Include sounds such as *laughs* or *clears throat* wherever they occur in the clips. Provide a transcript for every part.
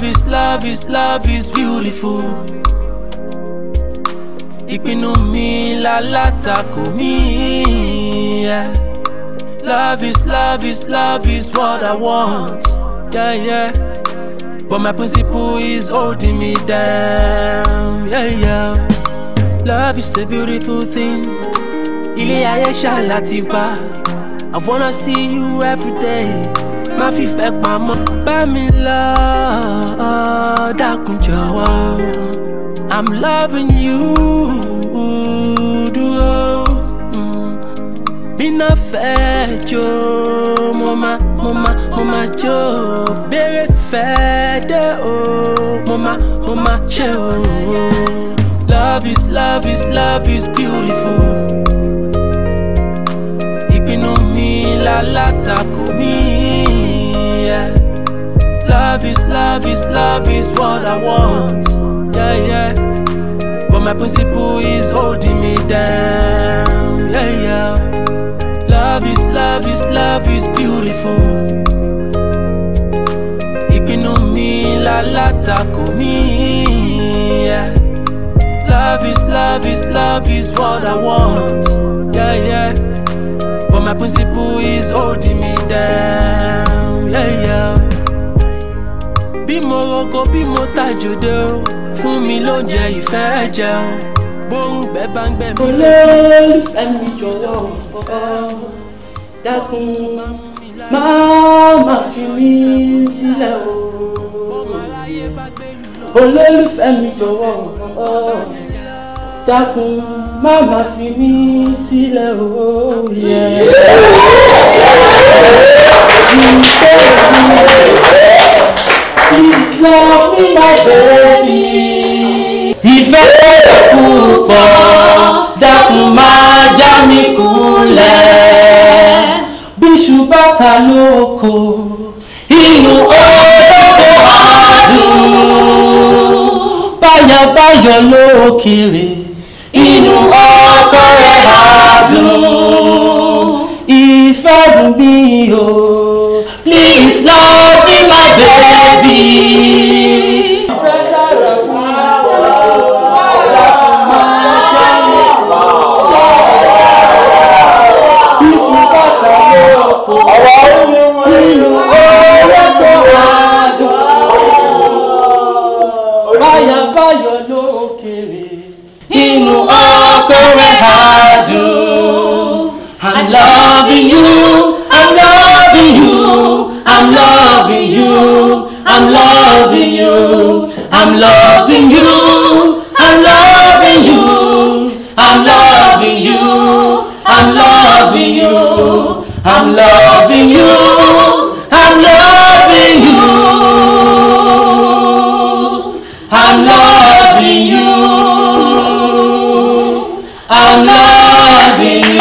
love is love is love is beautiful. Ìpinnu mi lálátakò mi. Yeah. Love is love is love is what I want. Yeah, yeah. But my principle is holding me down. Yeah, yeah. Love is a beautiful thing. Ilé ayé ṣá bá. I wanna see you every day má fìfẹ́ pamọ́ bá mi lọ dákun jọ̀wọ́ I'm loving you dúró bí mm. náà fẹ́ jó mo má mo má mo má jó béèrè fẹ́ dé o mo má mo má ṣe o. Love is love is love is beautiful. Ìpinnu mi lálátakò mi. Love is, love is, love is what I want. Yeah, yeah. But my principle is holding me down. Yeah, yeah. Love is, love is, love is beautiful. Ìpinnu mi lálátakò mi. Yeah. Love is, love is, love is what I want. Yeah, yeah. But my principle is holding me down. Yeah, yeah. oko bí mo tajòdè o fún mi ló jẹ ìfẹ́ jẹ o gbóngbẹ bá ń gbẹ mi. olólùfẹ́ mi jọ̀wọ́ ìfọ́ dákun máa má fi mí sílẹ̀ o olólùfẹ́ mi jọ̀wọ́ ìfọ́ dákun máa má fi mí sílẹ̀ o. Yeah. Peace love me my baby. Ìfẹ́ rẹ̀ púpọ̀ dákun máa já mi kulẹ̀. Bíṣu bàtà lóko, inú olóko àdùn. Báyọ̀báyọ̀ lókèrè, inú ọkọ rẹ̀ àdùn. Ìfẹ́ mi o, please love me my baby. I'm loving you. I'm loving you. I'm loving you. I'm loving you. I'm loving you. I'm loving you. I'm loving you.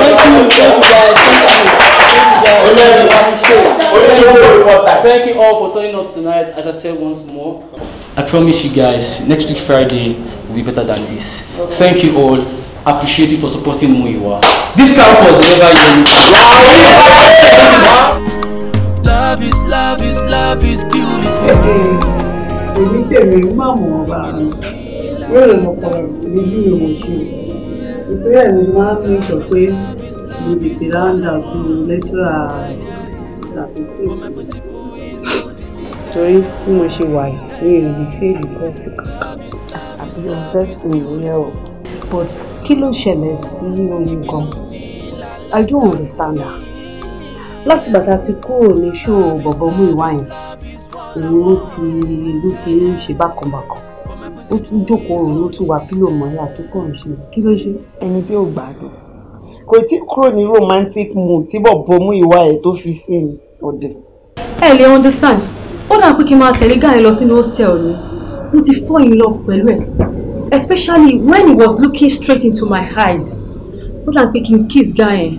Thank you all. Thank you. Thank you guys. Thank you. Thank you guys. Thank you all for turning up tonight. As I said once more, I promise you guys, next week Friday will be better than this. Okay. Thank you all. Appreciate you for supporting who you are. This campus never ends. Love is love is love is beautiful. Èmi tèmi má mọ̀ ọ́ bá mi. Yóò lè mọ̀ pọ̀ ní bí mi ò ṣe. Ìpínlẹ̀ mi máa ń ní sọ pé mo tètè ráńdà fún lẹ́tírà torí bí mo ṣe wà yìí mi ò lè fẹ́ ìlú kọ́ọ̀sì kankan. àbí ọ̀fẹ́sì ìwúyẹ́ o but kí ló ṣẹlẹ̀ sí oyin gan I don't understand that. láti bàtà ti kúrò ní ṣó bọ̀bọ̀ mú ìwá yẹn òun ló ti ló ti ń ṣe bákanbàkan ó tún jókòó òun ló tún wà pílò mọ́lá tó kàn ṣe kí ló ṣe. ẹni tí ò gbádùn kò tí kúrò ní romantic mood tí bọ̀bọ̀ mú ìwá ẹ̀ tó fi sí ọ̀dẹ̀. ẹ lè understand ó dà pé kí n máa tẹ̀lé guy lọ sínú hostel ni mo ti fall in love pẹ̀lú ẹ̀ especially when he was looking straight into my eyes ó dà pé kí n kiss guy yẹn.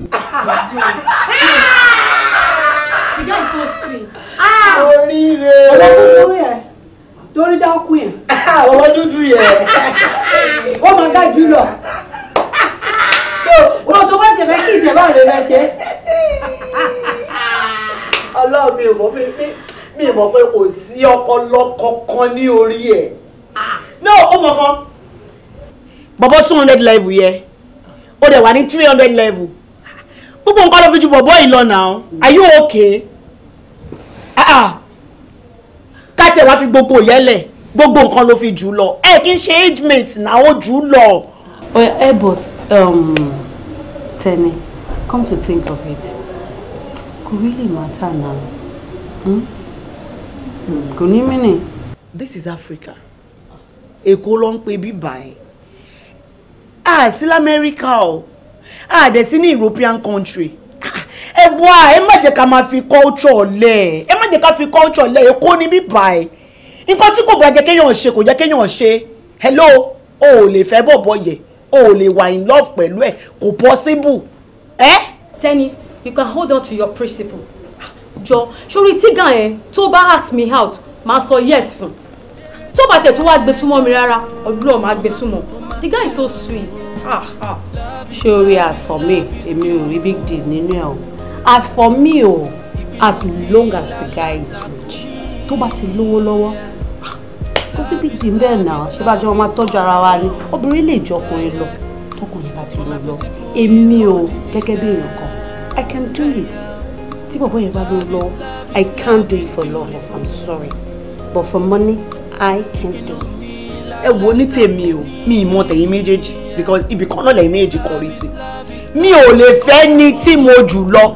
the guy is so sweet. Ah! oríire ọlọ́dún lórí ẹ̀ torí dákú yẹn. Ah, ọwọ́ dúdú yẹn. ó máa ga jù lọ. o tó bá tẹ̀fẹ́ kí ìṣẹ̀ bá lè lọ ṣe. ọlọ́run mi ò mọ̀ mi mi mọ̀ pé kò sí ọpọlọ kankan ní orí ẹ̀ ah, náà ó mọ̀ kan. bọ̀bọ̀ two hundred level yẹ ó dẹ̀ wà ní three hundred level gbogbo nǹkan ló fi ju bọ̀bọ̀ yìí lọ náà are you okay? Ah, ah. ká tẹ̀ wá fi gbogbo yẹ́lẹ̀ gbogbo nǹkan ló fi jù lọ ẹ kì í ṣe age mate náà ó jù lọ. ẹ but um, Teni come to think of it kò really matter now. Hmm? kò ní mí nì. this is Africa èkó ló ń pe bíbà ẹ̀ a sí lamẹ́ríkà o a dẹ̀ sí ní European country ẹ bọ́ a ẹ má jẹ́ ká máa fi culture lẹ̀ ẹ má jẹ́ ká fi culture lẹ̀ èkó ni bíbà ẹ̀ nǹkan tí kò bá jẹ́ kéèyàn ṣe kò jẹ́ kéèyàn ṣe hello o ò lè fẹ́ bọ̀bọ̀ yẹ o ò lè wà in love pẹ̀lú ẹ̀ kò possible. Eh? Tẹ́ni, you can hold on to your principle jọ sórí tígà yẹn tó bá ask me out máa sọ yes fún tó bá tẹ̀ tó wá gbé súnmọ́ mi rárá ọdún náà máa gbé súnmọ́ the guy is so sweet. Ah, ah. ṣé o rí as for me èmi ò rí big deal nínú ẹ o as for me o as long as the guy is rich tó bá ti lówó lọ́wọ́ ah, kó sí big deal bẹ́ẹ̀ náà ṣé bá jọ máa tọ́jú ara wa ni obìnrin lè jọkùnrin lọ tọkùnrin bá ti lọ lọ èmi o gẹ́gẹ́ bí èèyàn kan I can do it tí bọ̀bọ̀ yẹn bá ló lọ I can't do it for love I'm sorry but for money I can do it. ẹ wo ní tèmi o mi ì mọ tẹ̀yìn méjèèjì because ibì kan náà lẹ́yìn méjèèjì kọrí sí mi ò lè fẹ́ ni tí mo jù lọ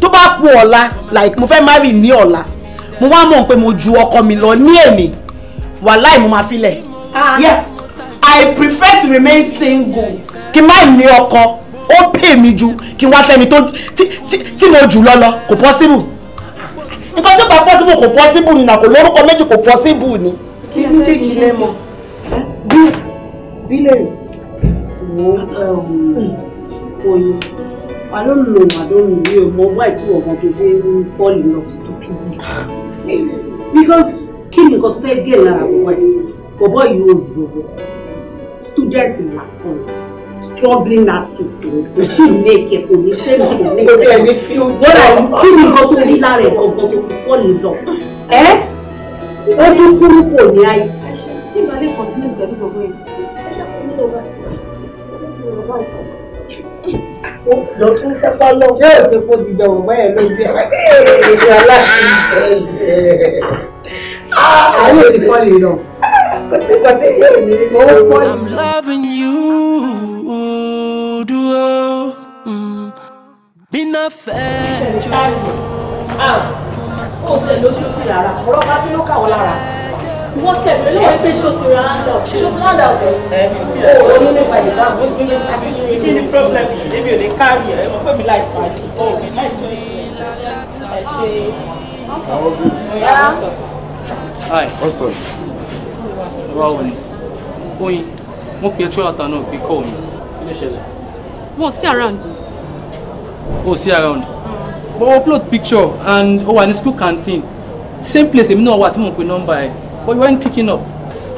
tó bá kú ọ̀la like mo fẹ́ marry ní ọ̀la mo wá mọ̀ pé mo ju ọkọ mi lọ ní èmi wàláì mo máa filẹ̀. Ah. I prefer to remain single. kí n má ní ọkọ ó pè mí ju kí wá fẹ́ni tó tí mo jù lọ lọ kò pọ́síbù nǹkan tó bá pọ́síbù kò pọ́síbù ni nà lórúkọ méjì kò pọ́síbù ni. kí um, ló dé jí lẹ́mọ̀ bí bílẹ̀ wò ó oyin wà ló lò wà ló ń lò yóò mọ ọmọ tó dé ń pọ́ọ̀lì lọ tó kí ni because kí ni nǹkan tó fẹ́ gẹ̀ lára wọ́n wáyé bọ̀bọ̀ yìí ò gbogbo student là fún un struggling attitude kò tí ì make e, kò ní ṣe kò ní ṣe bọ́dà kí ni nǹkan tó rí lára ẹ̀ ọ̀gbọ́n tó pọ̀ lè lọ ẹ́ ó tún kúrú kò ní àyè. tí ìgbà lè kọ̀ sínú ìgbàlú gbogbo yìí ẹ ṣàkóso lọ́wọ́ lọ fún sẹ́pọ̀ lọ. ṣé o I'm loving you dúró mm. bí náà fẹ́ jọ. ó tẹ̀ lójú ti rárá ọ̀rọ̀ bá tí ló kà ó lára wọ́n tẹ̀ mí lóye pé ṣó ti ra hand out ṣó ti hand out ẹ̀ o ò ní nípa ìgbà bó ṣe lè àti ṣe kí ni problem yìí èmi ò lè kárí ẹ̀ ọmọ pẹ̀lú láì fàájì o ò láì tó ẹ̀ ṣe. Hi, what's Báwo ni? Oyin, mo pè ẹ́ tí ó àtànà òbí kọ́ mi. Kí ló ṣẹlẹ̀? wọn ò around. Oh, see around. Mm. but we upload picture and oh, wà ní school canteen same place You know what? I'm mo pe nọ́mbà but you weren't picking up.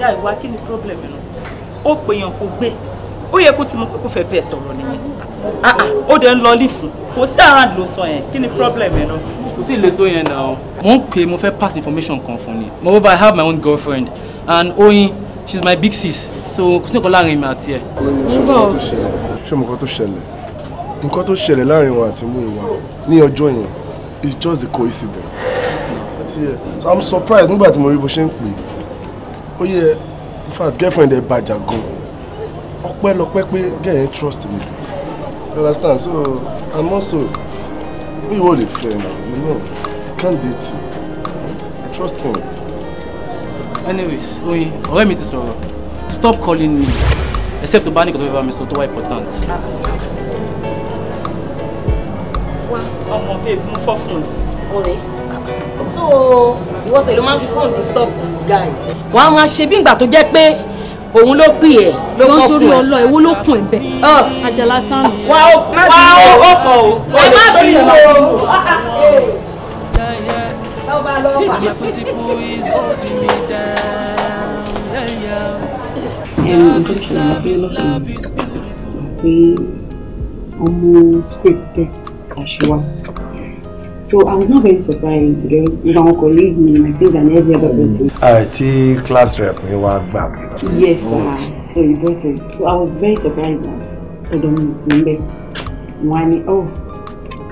ìyá ìwà kí ni problem you know. Oh, pèèyàn kó gbé ó yẹ kó ti mọ pé kó fẹ́ bẹ́ẹ̀ Ah ah. Oh, then lolly. lọ lífun kò sí around ló sọ yẹn kí ni problem you know. kò sí ilé tó yẹn náà. mo ń pass information kan moreover I have my own girlfriend and Oyin she's my big sis so kò sí nǹkan láàrin mi out ẹ. nígbà ṣé mo nǹkan tó ṣẹlẹ̀ nǹkan tó ṣẹlẹ̀ láàrin wọn àti Múyìwá ní ọjọ́ yẹn it's just a coincidence so i'm surprised nígbà tí mo rí bó ṣe ń pè ó yẹ in fact girlfriend ẹ bàjá gan ọpẹ́lọpẹ́ pé girl yẹn trust me you understand so I'm also bí ìwọ lè fẹ́ na you know can't date you I trust him. anyways oyin ọ̀rẹ́ mi ti sọ̀rọ̀ stop calling me except to tó bá ní kò tó fẹ́ bá mi sọ tó wá important. wá ọmọ babe mú fọ́ fún mi. ọ̀rẹ́ so ìwọ tẹ̀lé máa ń fi fóònù disturb guy. wàá máa ṣe bí ìgbà tó jẹ́ pé òun ló pè ẹ ló kọ fún ẹ. lọ́jọ́ lọ ìwọ ló kùn ẹ̀bẹ̀. àjàlá tánu. wà ó wà ó ó kọ o. ẹ má bí i lọ. Yàyà, the pussy boy is holding me down. And um, just like looking almost ọmọ as tẹ kàṣíwá so i was not very surprised because nípa àwọn colleague mi my friends and every other mm. person. Ah, ti class rep You were back. yes sir so you got it so i was very surprised ọ̀dọ̀ mi ò sí níbẹ̀ wọn á ní ọ oh,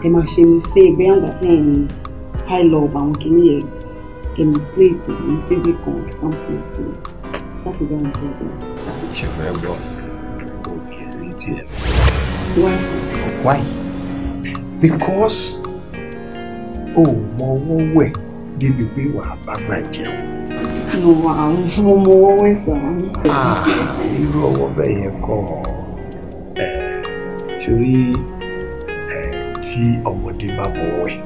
ẹ máa ṣe mistake bẹ́ẹ̀ àgbà tí ẹ̀yin pile up àwọn kìnìyẹn ẹ misplaced ẹ misplaced kan something to. So láti yá wọn bẹ́ẹ̀ sí. gbọ́ obìnrin tí ẹ. why because o mọ ọwọ́ wẹ̀ débi pé wàá bá gbà jẹun. mo àwọn tí mo mọ ọwọ́ wẹ̀ sàn. Ah, irú ọwọ́ bẹ́ẹ̀ yẹn kọ́ ẹ tí ọmọdé bá mọ wẹ̀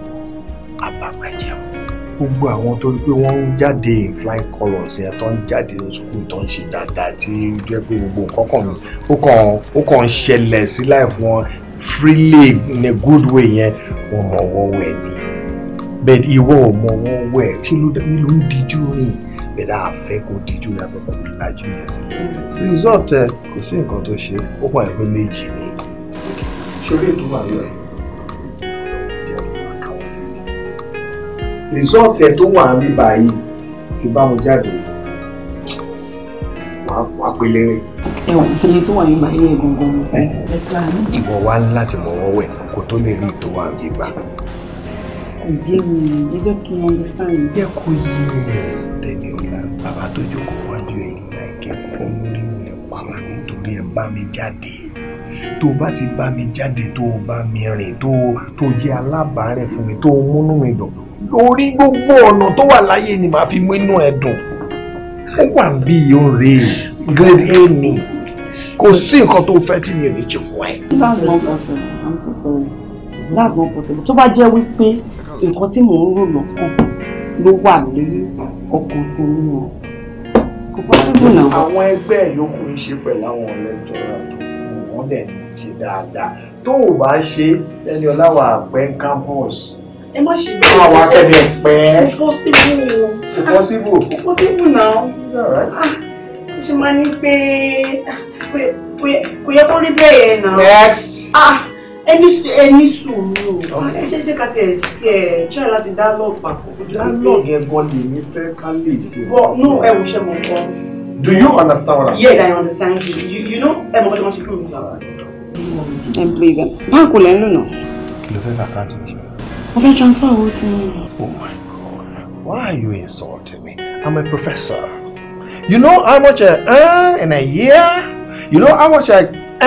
á bá gbà jẹun gbogbo àwọn tó rí pé wọ́n ń jáde in flying colours yẹn tó ń jáde ní sukùl tó ń ṣe dáadáa tí jẹ́ pé gbogbo nǹkan kan ó kàn ó kàn ń ṣẹlẹ̀ sí life wọn freely in a good way yẹn wọ́n mọ̀ wọ́n wẹ̀ ni bẹ́ẹ̀ ìwọ ò mọ̀ wọ́n wẹ̀ kí ló ń dijú rìn bẹ̀rẹ̀ àfẹ́ kò díjú yàtọ̀ kò lajú yẹn sílẹ̀. result ẹ kò sí nǹkan tó ṣe ó pààyàn pé méjì ni. ṣé o lè dùn àlọ́ ẹ̀? result ẹ tó wà ní báyìí ti bá wọn jáde wàá pélé rẹ. ẹ wò iye tó wà ní báyìí ẹ gangan ló fẹ́. ìwọ wá ní láti mọ wọn wẹ kó tó lè rí ìtò wa àbí gbà. kò yé mi ẹ jẹ́ kí wọ́n gbé fáyìn. jẹ́ kó yé mi tẹ̀lé ọ̀la bàbá tó jókòó wájú ẹ̀ nígbà ìkẹ́kọ̀ọ́ lórí ilẹ̀ pàmò nítorí ẹ bá mi jáde tó bá ti bá mi jáde tó bá mi rìn tó tó jẹ́ alábàárẹ̀ fún mi tó múnú mi dùn orí gbogbo ọ̀nà tó wà láyé ni màá fi mú inú ó wà bí yóò grade a ni kò sí nǹkan tó fẹ́ tí mi ò ní ṣe fún ẹ. that's not possible i'm so sorry that's not possible tó bá jẹ́ wípé nǹkan tí mò ń rò lọ́kàn ló wà lórí ọkàn tí mi ò kò possible náà. àwọn ẹgbẹ́ yòókù ń ṣe pẹ̀lú àwọn ọ̀lẹ́jọ́ rà tó wọ́n dẹ̀ ṣe dáadáa tó o bá ṣe ẹni ọláwà àgbẹ̀ campus ẹ má ṣe bẹ́ẹ̀. àwọn akẹ́kẹ́ pẹ́. possible. possible. possible now. Ah, ṣe máa ní pé kò yẹ kó rí bẹ́ẹ̀ yẹn náà. next. Ah, ẹni ẹni sùúrù ah, ẹ jẹ́ jẹ́ ká tiẹ̀ tiẹ̀ try láti dá lọ́ọ̀ papọ̀. dialogue yẹn gan lè ní fẹ́ ká lè fi. but no ẹ wò ṣe mọ̀ nǹkan. do you understand what I'm saying? yes I understand you you, you know ẹ mọ̀ kí wọ́n ṣe fún mi sára. ẹ bìrì gan báńkù lẹ́nu náà. kí ló fẹ́ fà káàdì ìṣẹ́ mo fẹ́ transfer owó oh my god why are you insulting me i'm a professor you know how much i earn in a year you know how much i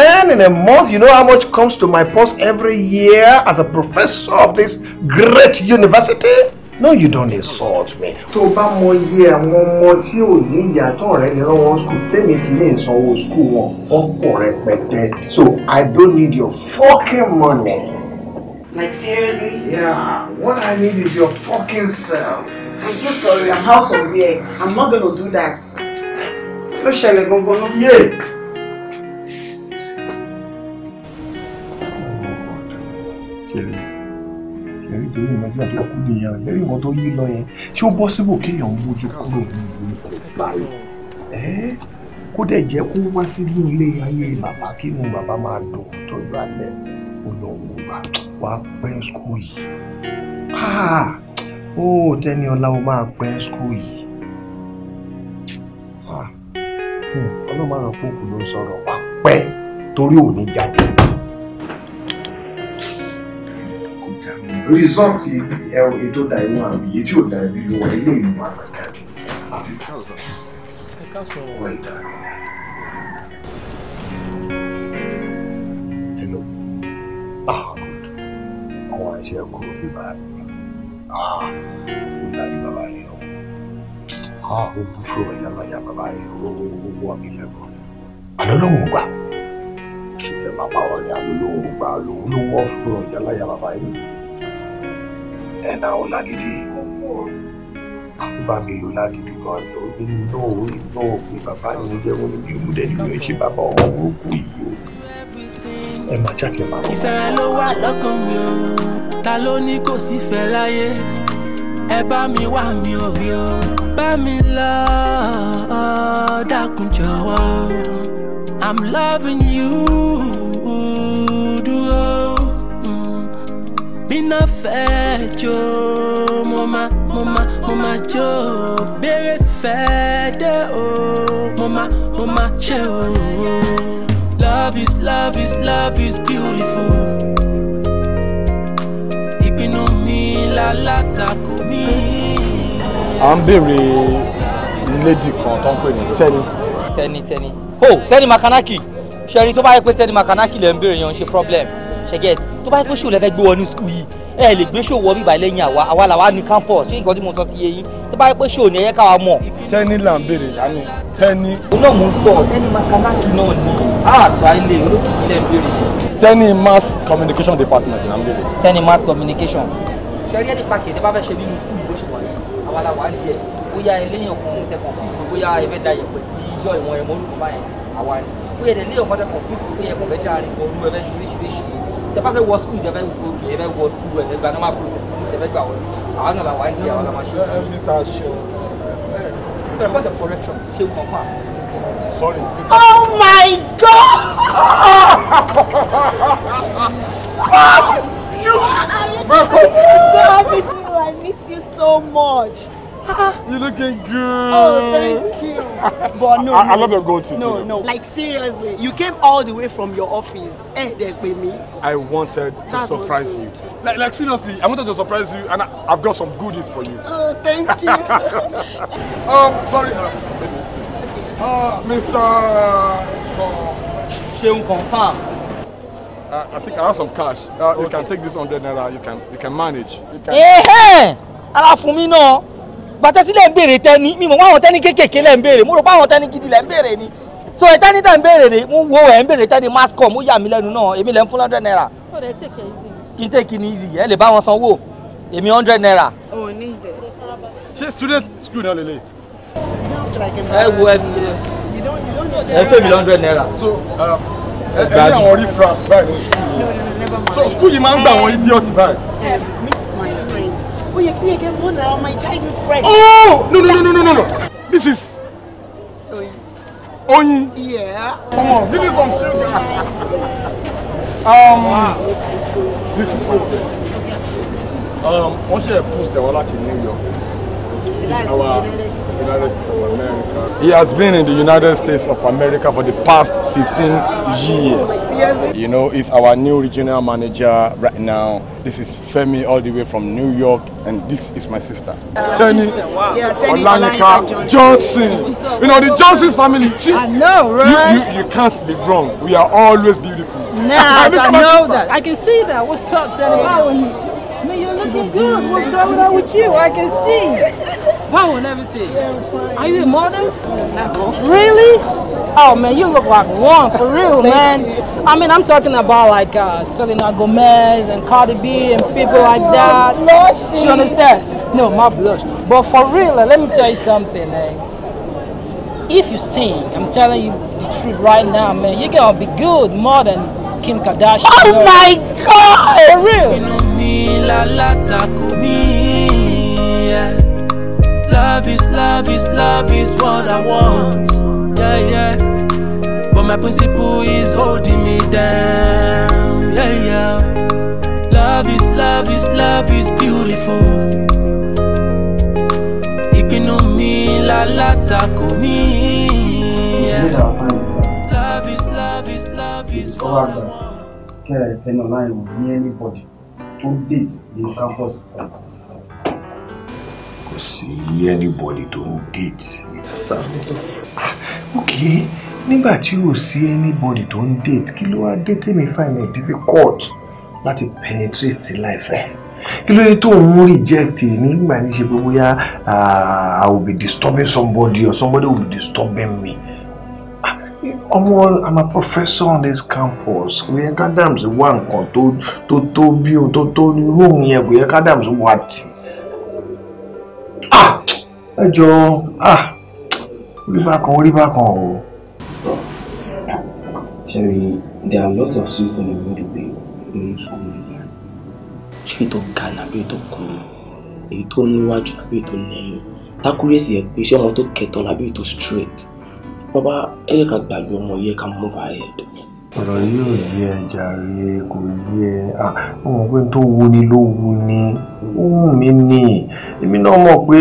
earn in a month you know how much comes to my purse every year as a professor of this great university. No, you don't insult me. Tó bá mọ iye àwọn ọmọ tí ò ní ìyàtọ̀ rẹ ní lọ́wọ́ skul tèmi kì í sanwó skul wọn wọ́n pọ̀ rẹpẹtẹ. So I don't need your fucking money. Like seriously? Yeah, what I need is your fucking self. I'm so sorry, I'm out of here. I'm not gonna do that. Ló ṣẹlẹ̀ gangan ló yé. Ṣèlérí very ìmọ̀jú àti ọkùnrin nìyẹn lẹ́yìn ìwọ̀n tó yí lọ yẹn ṣé ó bọ́ síbò kéèyàn mójú kúrò ní ìlú ìparí? Ẹ́ kó dẹ̀ jẹ́ kó wá sínú ilé ayé bàbá kínú bàbá máa dùn tọ́jú alẹ́ kó lọ wò wá wá pẹ́ skul yìí ah, ó tẹ́ni ọlá ó máa pẹ́ skul yìí ọlọ́mọ àwọn pòkù ló ń sọ̀rọ̀ wá pẹ́ torí òní jáde. rìsọ́ọ̀tì ètò da inú àmì èyí tí ò da ibi ló wà ilé ìlú àgbàjáde àfikún. ẹ̀ka sọ̀rọ̀ ẹ̀ka àwọn iṣẹ́ kúrò ní báyìí ó dàbí bàbá yìí ó ó bú sọ̀rọ̀ yàgbàyà bàbá yìí ó wọ́ mi lẹ́kọ̀ọ́ àlọ́lọ́wọ́ gbà kí fẹ́ bàbá wọn ni àlọ́lọ́wọ́ gbà lòun ló wọ́ sọ̀rọ̀ yàgbàyà bàbá yìí ẹ̀ náà ó lágídí bá mi lò lágídí kan ni ó ní náà ó ní náà pé bàbá mi jẹ́ wọn ní ìmúdẹ́ni ló ń ṣe bàbá ọmọ burúkú yìí o ẹ máa jáde máa bọ̀. ìfẹ́ ló wà lọ́kàn mi o ta ló ní kò sífẹ́ láyé ẹ bá mi wá mi ò rí o bá mi lọ dákun jọ̀wọ́ i'm loving you dúró mm. mi náà fẹ́ jó mo máa mo máa mo máa jó béèrè fẹ́ dé o mo máa mo máa ṣe o. Love is, love is, love is beautiful. Ìpinnu mi lálátakò mi. À ń béèrè lédi kan tó ń pè ní Tẹ́ni. Tẹ́ni Tẹ́ni. Ho Tẹ́ni Makanaki. Ṣẹ́ni tó bá yẹ pé Tẹ́ni Makanaki lè ń béèrè yẹn ṣe problem. Ṣẹ́gẹ́t tó bá yẹ pé ṣòlẹ́fẹ́ gbé wọnú skul yìí ẹ lè gbé ṣòwò bíbá lẹ́yìn àwa àwa làwa ní campus ṣé nǹkan tí mo sọ ti yé yín tó bá yẹ pé ṣòwò ni ẹ yẹ káwa mọ̀. tẹ́ni là ń béèrè lánàá tẹ́ni. iná mò ń sọ tẹ́ni makanaki náà ni àtà ilé olókìkí lẹ́ ń béèrè. mass communication department là ń béèrè. tẹ́ni mass communication. ṣẹ́rí ẹ̀dí pàkì ẹ̀ bá fẹ́ ṣe nínú skul bó ṣe wà ní àwa làwa ń yẹ bóyá ẹlẹ́yìn ọkùnrin tẹ̀kàn fún mi bóyá ẹ fẹ́ da yẹ̀pẹ̀ sí ìjọ ìwọ̀n ẹ̀mọ́ olùkọ́ báyẹn àwa ni bóyá ẹ̀dẹ̀ lé ọkọ̀ tẹ̀kàn fún mi bóyá ẹ̀kọ́ fẹ́ dáa tẹ bá fẹ́ wọ skul tẹ fẹ́ wọ kì í fẹ́ wọ skul ẹ̀ nígbà normal process tẹ fẹ́ gbà wọlé àwọn náà làwọn àìjẹ àwọn làwọn aṣọ. Mr. Eh, eh, Asho. Sorry, about the correction ṣé o confam. Sorry, Mr. Oh my God! you! I miss you, I miss you so much. *laughs* You're looking good. Oh, thank you. *laughs* but no, I, I love your goatee. No, no. Like seriously, you came all the way from your office. Eh, they pay me. I wanted to That's surprise you. Like, like seriously, I wanted to surprise you, and I, I've got some goodies for you. Oh, thank *laughs* you. um, sorry. Uh, uh, Mr. Uh, confirm. Uh, I think I have some cash. Uh, okay. You can take this 100 naira. You can you can manage. You can. Hey, hey! Ara fún mi náà gbàtẹ́sí lẹ́ ń béèrè tẹ́ni mímọ̀ wọ́n àwọn tẹ́ni kéékèèké lẹ́ ń béèrè mo rò pé àwọn tẹ́ni gidi lẹ́ ń béèrè ni so ẹ tẹ́ni tẹ́ ń béèrè ni mo wo ẹ̀ ń béèrè tẹ́ni mascom ó yà mí lẹ́nu náà èmi lẹ́ ń fún hundred naira. kí n tèkì ní easy ẹ lè bá wọn sanwó èmi hundred naira. ṣé student school náà lele. ẹ wo ẹ fi ẹ fẹ́ mi hundred naira. so uh, ẹ ní àwọn rí france báyìí ní school yìí so school yìí máa ń gbà àwọn idiot báyìí ó yẹ kí yẹ kẹ́ one of my childhood friends. oh no no no no no no no this is. oyin. oyin. yeah. come on give me some sugar. um, wow. this is my friend. Um, wọ́n ṣe post ẹ̀ wá láti New York. is our. He has been in the United States of America for the past 15 years. You know, he's our new regional manager right now. This is Femi all the way from New York, and this is my sister. Uh, Teni wow. yeah, Olanyika Johnson. Johnson. You know, the Johnson's family. She, I know, right? You, you, you can't be wrong. We are always beautiful. Nice, *laughs* I know that. I can see that. What's up, Teni? How are I mean, you're looking good. What's going on with you? I can see. Wow and everything. Are you a model? Really? Oh man, you look like one for real, man. I mean, I'm talking about like uh, Selena Gomez and Cardi B and people like that. Blushing. You understand? No, my blush. But for real, uh, let me tell you something. Eh? If you sing, I'm telling you the truth right now, man, you're gonna be good more than Kim Kardashian. Oh my God! For real. Love is, love is, love is what I want. Yeah, yeah. But my principle is holding me down. Yeah, yeah. Love is, love is, love is beautiful. Ìpinnu mi me, mi. Love is, love is, love is what I want. Kẹ́ ẹ̀ anybody tó date ní campus. See anybody tó ń date ìdásáré. Ah, ok nígbà tí ò sí anybody tó date kí ló wá dé tèmi find it difficult láti penetrate sí life ẹ kí ló dé tó ń reject nígbà ní ṣe pé bóyá ah, I will be disturbing somebody or somebody will be disturbing me ah, ọmọ i'm a professor on this campus kò yẹ ká dàmsí wá nǹkan tó tó tó bí o tó tó ní rúùmù yẹn kò dàmsí wá tì í. Ah! ẹ jọ ah! orí bákan orí bákan o. Jerry, there are lots of sweets on the way to inú sùúrù yẹn ṣé tó ga nàbí ètò kùnú èyí tó níwájú àbí ètò nẹ́yìn tákúrẹ́sì ẹ̀ pé ṣé ọmọ tó kẹtọ nàbí ètò straight wọ́n bá ẹ̀yẹ ká gbàgbé ọmọ yẹ ká move ahead ọ̀rọ̀ yìí ò ẹ jàre kò yé ẹ ó mọ̀ pé tó wu ni ló wu ni ó wù mí ni èmi náà mọ̀ pé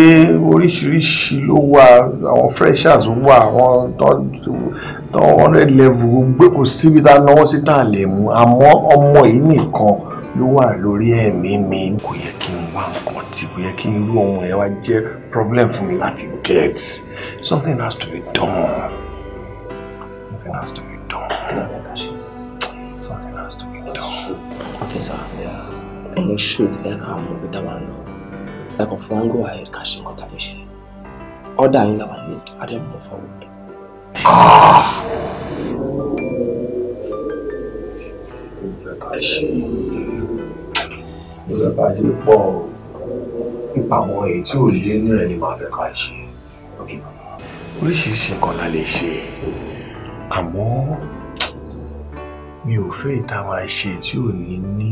oríṣiríṣi ló wà àwọn freshers wà àwọn tó hundred level gbé kò síbi tá a náwó sí tá a lè mú àmọ́ ọmọ yìí nìkan ló wà lórí ẹ̀mí mi kò yẹ kí n wá nǹkan tí kò yẹ kí n rú ọmọ ẹ wá jẹ́ problem fún mi láti get something has to be done something has to be done. Okay, sir. Yeah. And make sure that I can move that one now. Like if one go ahead, cash in what I wish. Order in that one need. I don't move forward. Ah! Nígbà tá a ṣe pọ̀ nípa àwọn èyí tí ò lé ní rẹ̀ ni màá fẹ́ ká ṣe. Oríṣiríṣi nǹkan la lè ṣe àmọ́ mi ò fẹ́ ìtawà ṣe tí ò ní ní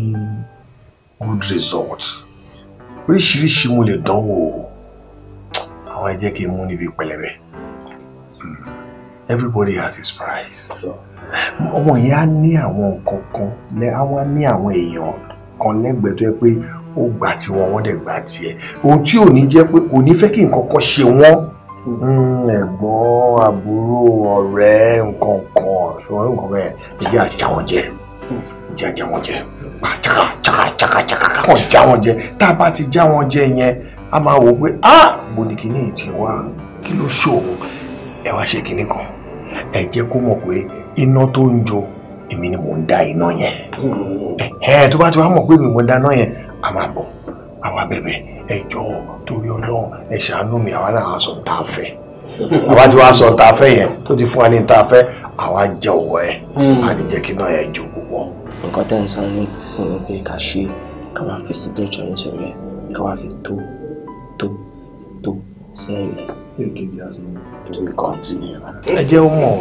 good result oríṣiríṣi mo lè dánwò àwọn ẹjẹ́ kí n mú níbi pẹlẹbẹ hmm. everybody has his price ọmọ yẹn á ní àwọn nǹkan kan á ní àwọn èèyàn kan lẹ́gbẹ̀ẹ́ tó yẹ pé ó gbà tiwọn wọ́n dẹ̀ gbà tiẹ̀ ohun tí ò ní jẹ́ pé kò ní fẹ́ kí nǹkan kan ṣe wọ́n. Hmm, ẹ̀gbọ́n àbúrò ọ̀rẹ́ nǹkan kan ṣùgbọ́n nǹkan bẹ́ẹ̀ ìdí àjà wọn jẹ ìdí àjà wọn jẹ chaka chaka chaka chaka kàn já wọn jẹ tá a bá ti já wọn jẹ yẹn a máa wò pé ah bonikini ti wá kí ló ṣòwò ẹ wá ṣe kinní kan ẹ jẹ́ kó mọ̀ pé iná tó ń jó èmi ni mò ń da iná yẹn ẹ tó bá ti wá mọ̀ pé èmi mò ń da iná yẹn a máa bọ̀ àwa bẹ̀bẹ̀ ẹ jọ̀ọ́ torí Ọlọ́run ẹ ṣàánú mi àwa náà sọ tá a fẹ́ *laughs* àwa tí wàá sọ tá a fẹ́ yẹn tó ti fún wa ní tá a fẹ́ àwa jẹ ọwọ́ ẹ hmm. a lè jẹ́ kí náà yẹ jó púpọ̀. nǹkan tẹ́ ń sọ ní sí ni pé ká ṣe ká máa fi signature nítorí ẹ ká máa fi tó tó tó sẹ́yìn. ẹ jẹ́ ó mọ̀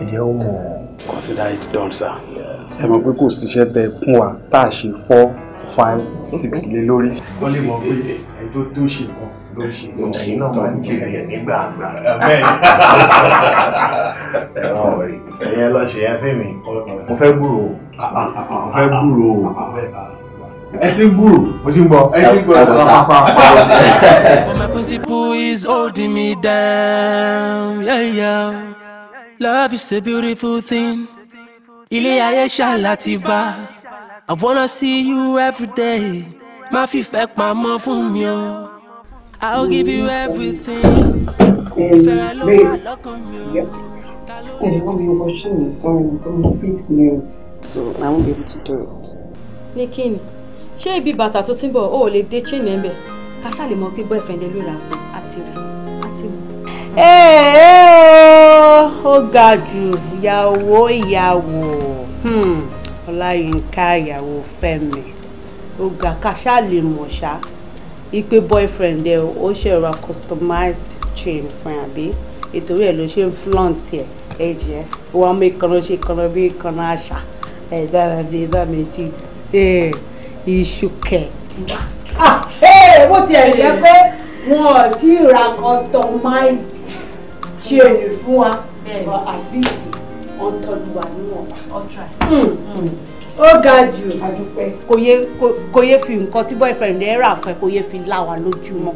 ẹ jẹ́ ó mọ̀. consider it done sir. ẹ mọ̀ pé kò síṣẹ́ tẹ fún wa tá a ṣe fọ́ five six lé lórí. wọ́n lè mọ̀ pé ẹni tó tó ṣe kan ló ń ṣe ló ń ṣe náà máa ń jèrè nígbà àgbà. ẹ̀yẹ lọ ṣe ẹfẹ́ mi mo fẹ́ gbúrò mo fẹ́ gbúrò ẹ ti ń gbúrò mo ti gbọ́ ẹ ti ń gbọ́ ọ̀rọ̀ pápá. my principle is holding me down. Yeah, yeah. Love is a beautiful thing. Ilé ayé ṣá láti bá. I wanna see you every day. Má fi fẹ́ pamọ́ fún mi o. I'll give you everything. Ìfẹ́ rẹ ló wà lọ́kàn mi o. Ẹ wọ́n mi wọ ṣé So I won't be able to do it. Nikin, kí ni? Ṣé ibi bàtà tó ti ń bọ̀ o ò lè dé chain ẹ̀ ń bẹ̀? Ká ṣàlè mọ pé boyfriend ẹ ló ra fún àti rí àti mọ̀. Ẹ̀ẹ́ ó ga jù ìyàwó ìyàwó. Hmm ọláyínká ìyàwó fẹ́mi ó ga káṣá lè mọ̀ ṣá ipe boyfriend ẹ ó ṣèrọ customized chain fún àbí ìtorí ẹ ló ṣe ń flaunt ẹ ẹ jẹ wọn mi kanna ṣe kanna bí kanna àṣà ẹ dára bí bá mi fi iṣu kẹtì. Ah, bó tiẹ̀ jẹ́ pé wọn ò tí ra customized chain fún wa àbí ọ̀tọ̀lùwà níwọ̀nba. Hmm, hmm. ó ga jù kò yé fi nǹkan tí boyfriend rẹ̀ rà fún ẹ kò yé fi là wá lójú mọ́.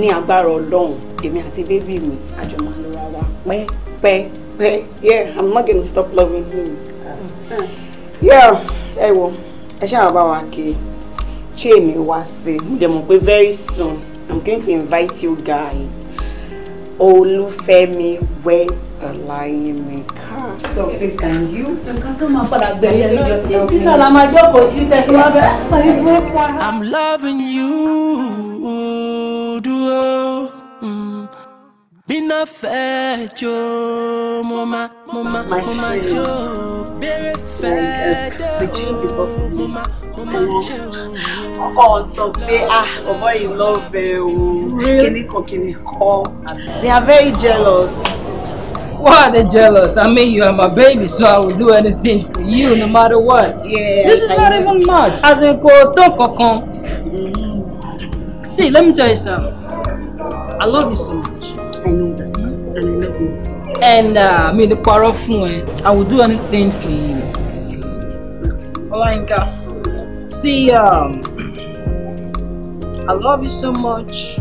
ní agbára ọlọ́run èmi àti bébí mi àjọ máa ń lọ́ra wa pẹ́ pẹ́ pẹ́ yeah i'm not gonna stop loving him. Hmm. yeah ẹ wo ẹ ṣáà bá wa kiri chain wa sí mo dẹ̀ mọ̀ very soon i'm going to invite you guys olúfẹ́mi wẹ́ ọ̀láyẹmí so please can you. I'm loving you dúró mm. bínú fẹ́ jó mo mama, mama, mama jo. máa jó béèrè fẹ́ dé o mo máa mo máa ah bọ̀bọ̀ yìí lọ́ọ́ bẹ̀ o kíní kan kíní They are very jealous. Why are they jealous? I mean, you are my baby, so I will do anything for you no matter what. Yeah. This is I not even much. As in, kò tó kankan. See, let me tell you something. I love you so much. I know that. And I love you too. And uh, mi lè parọ́ fún I will do anything for you. Olayinka, oh, see, um, I love you so much.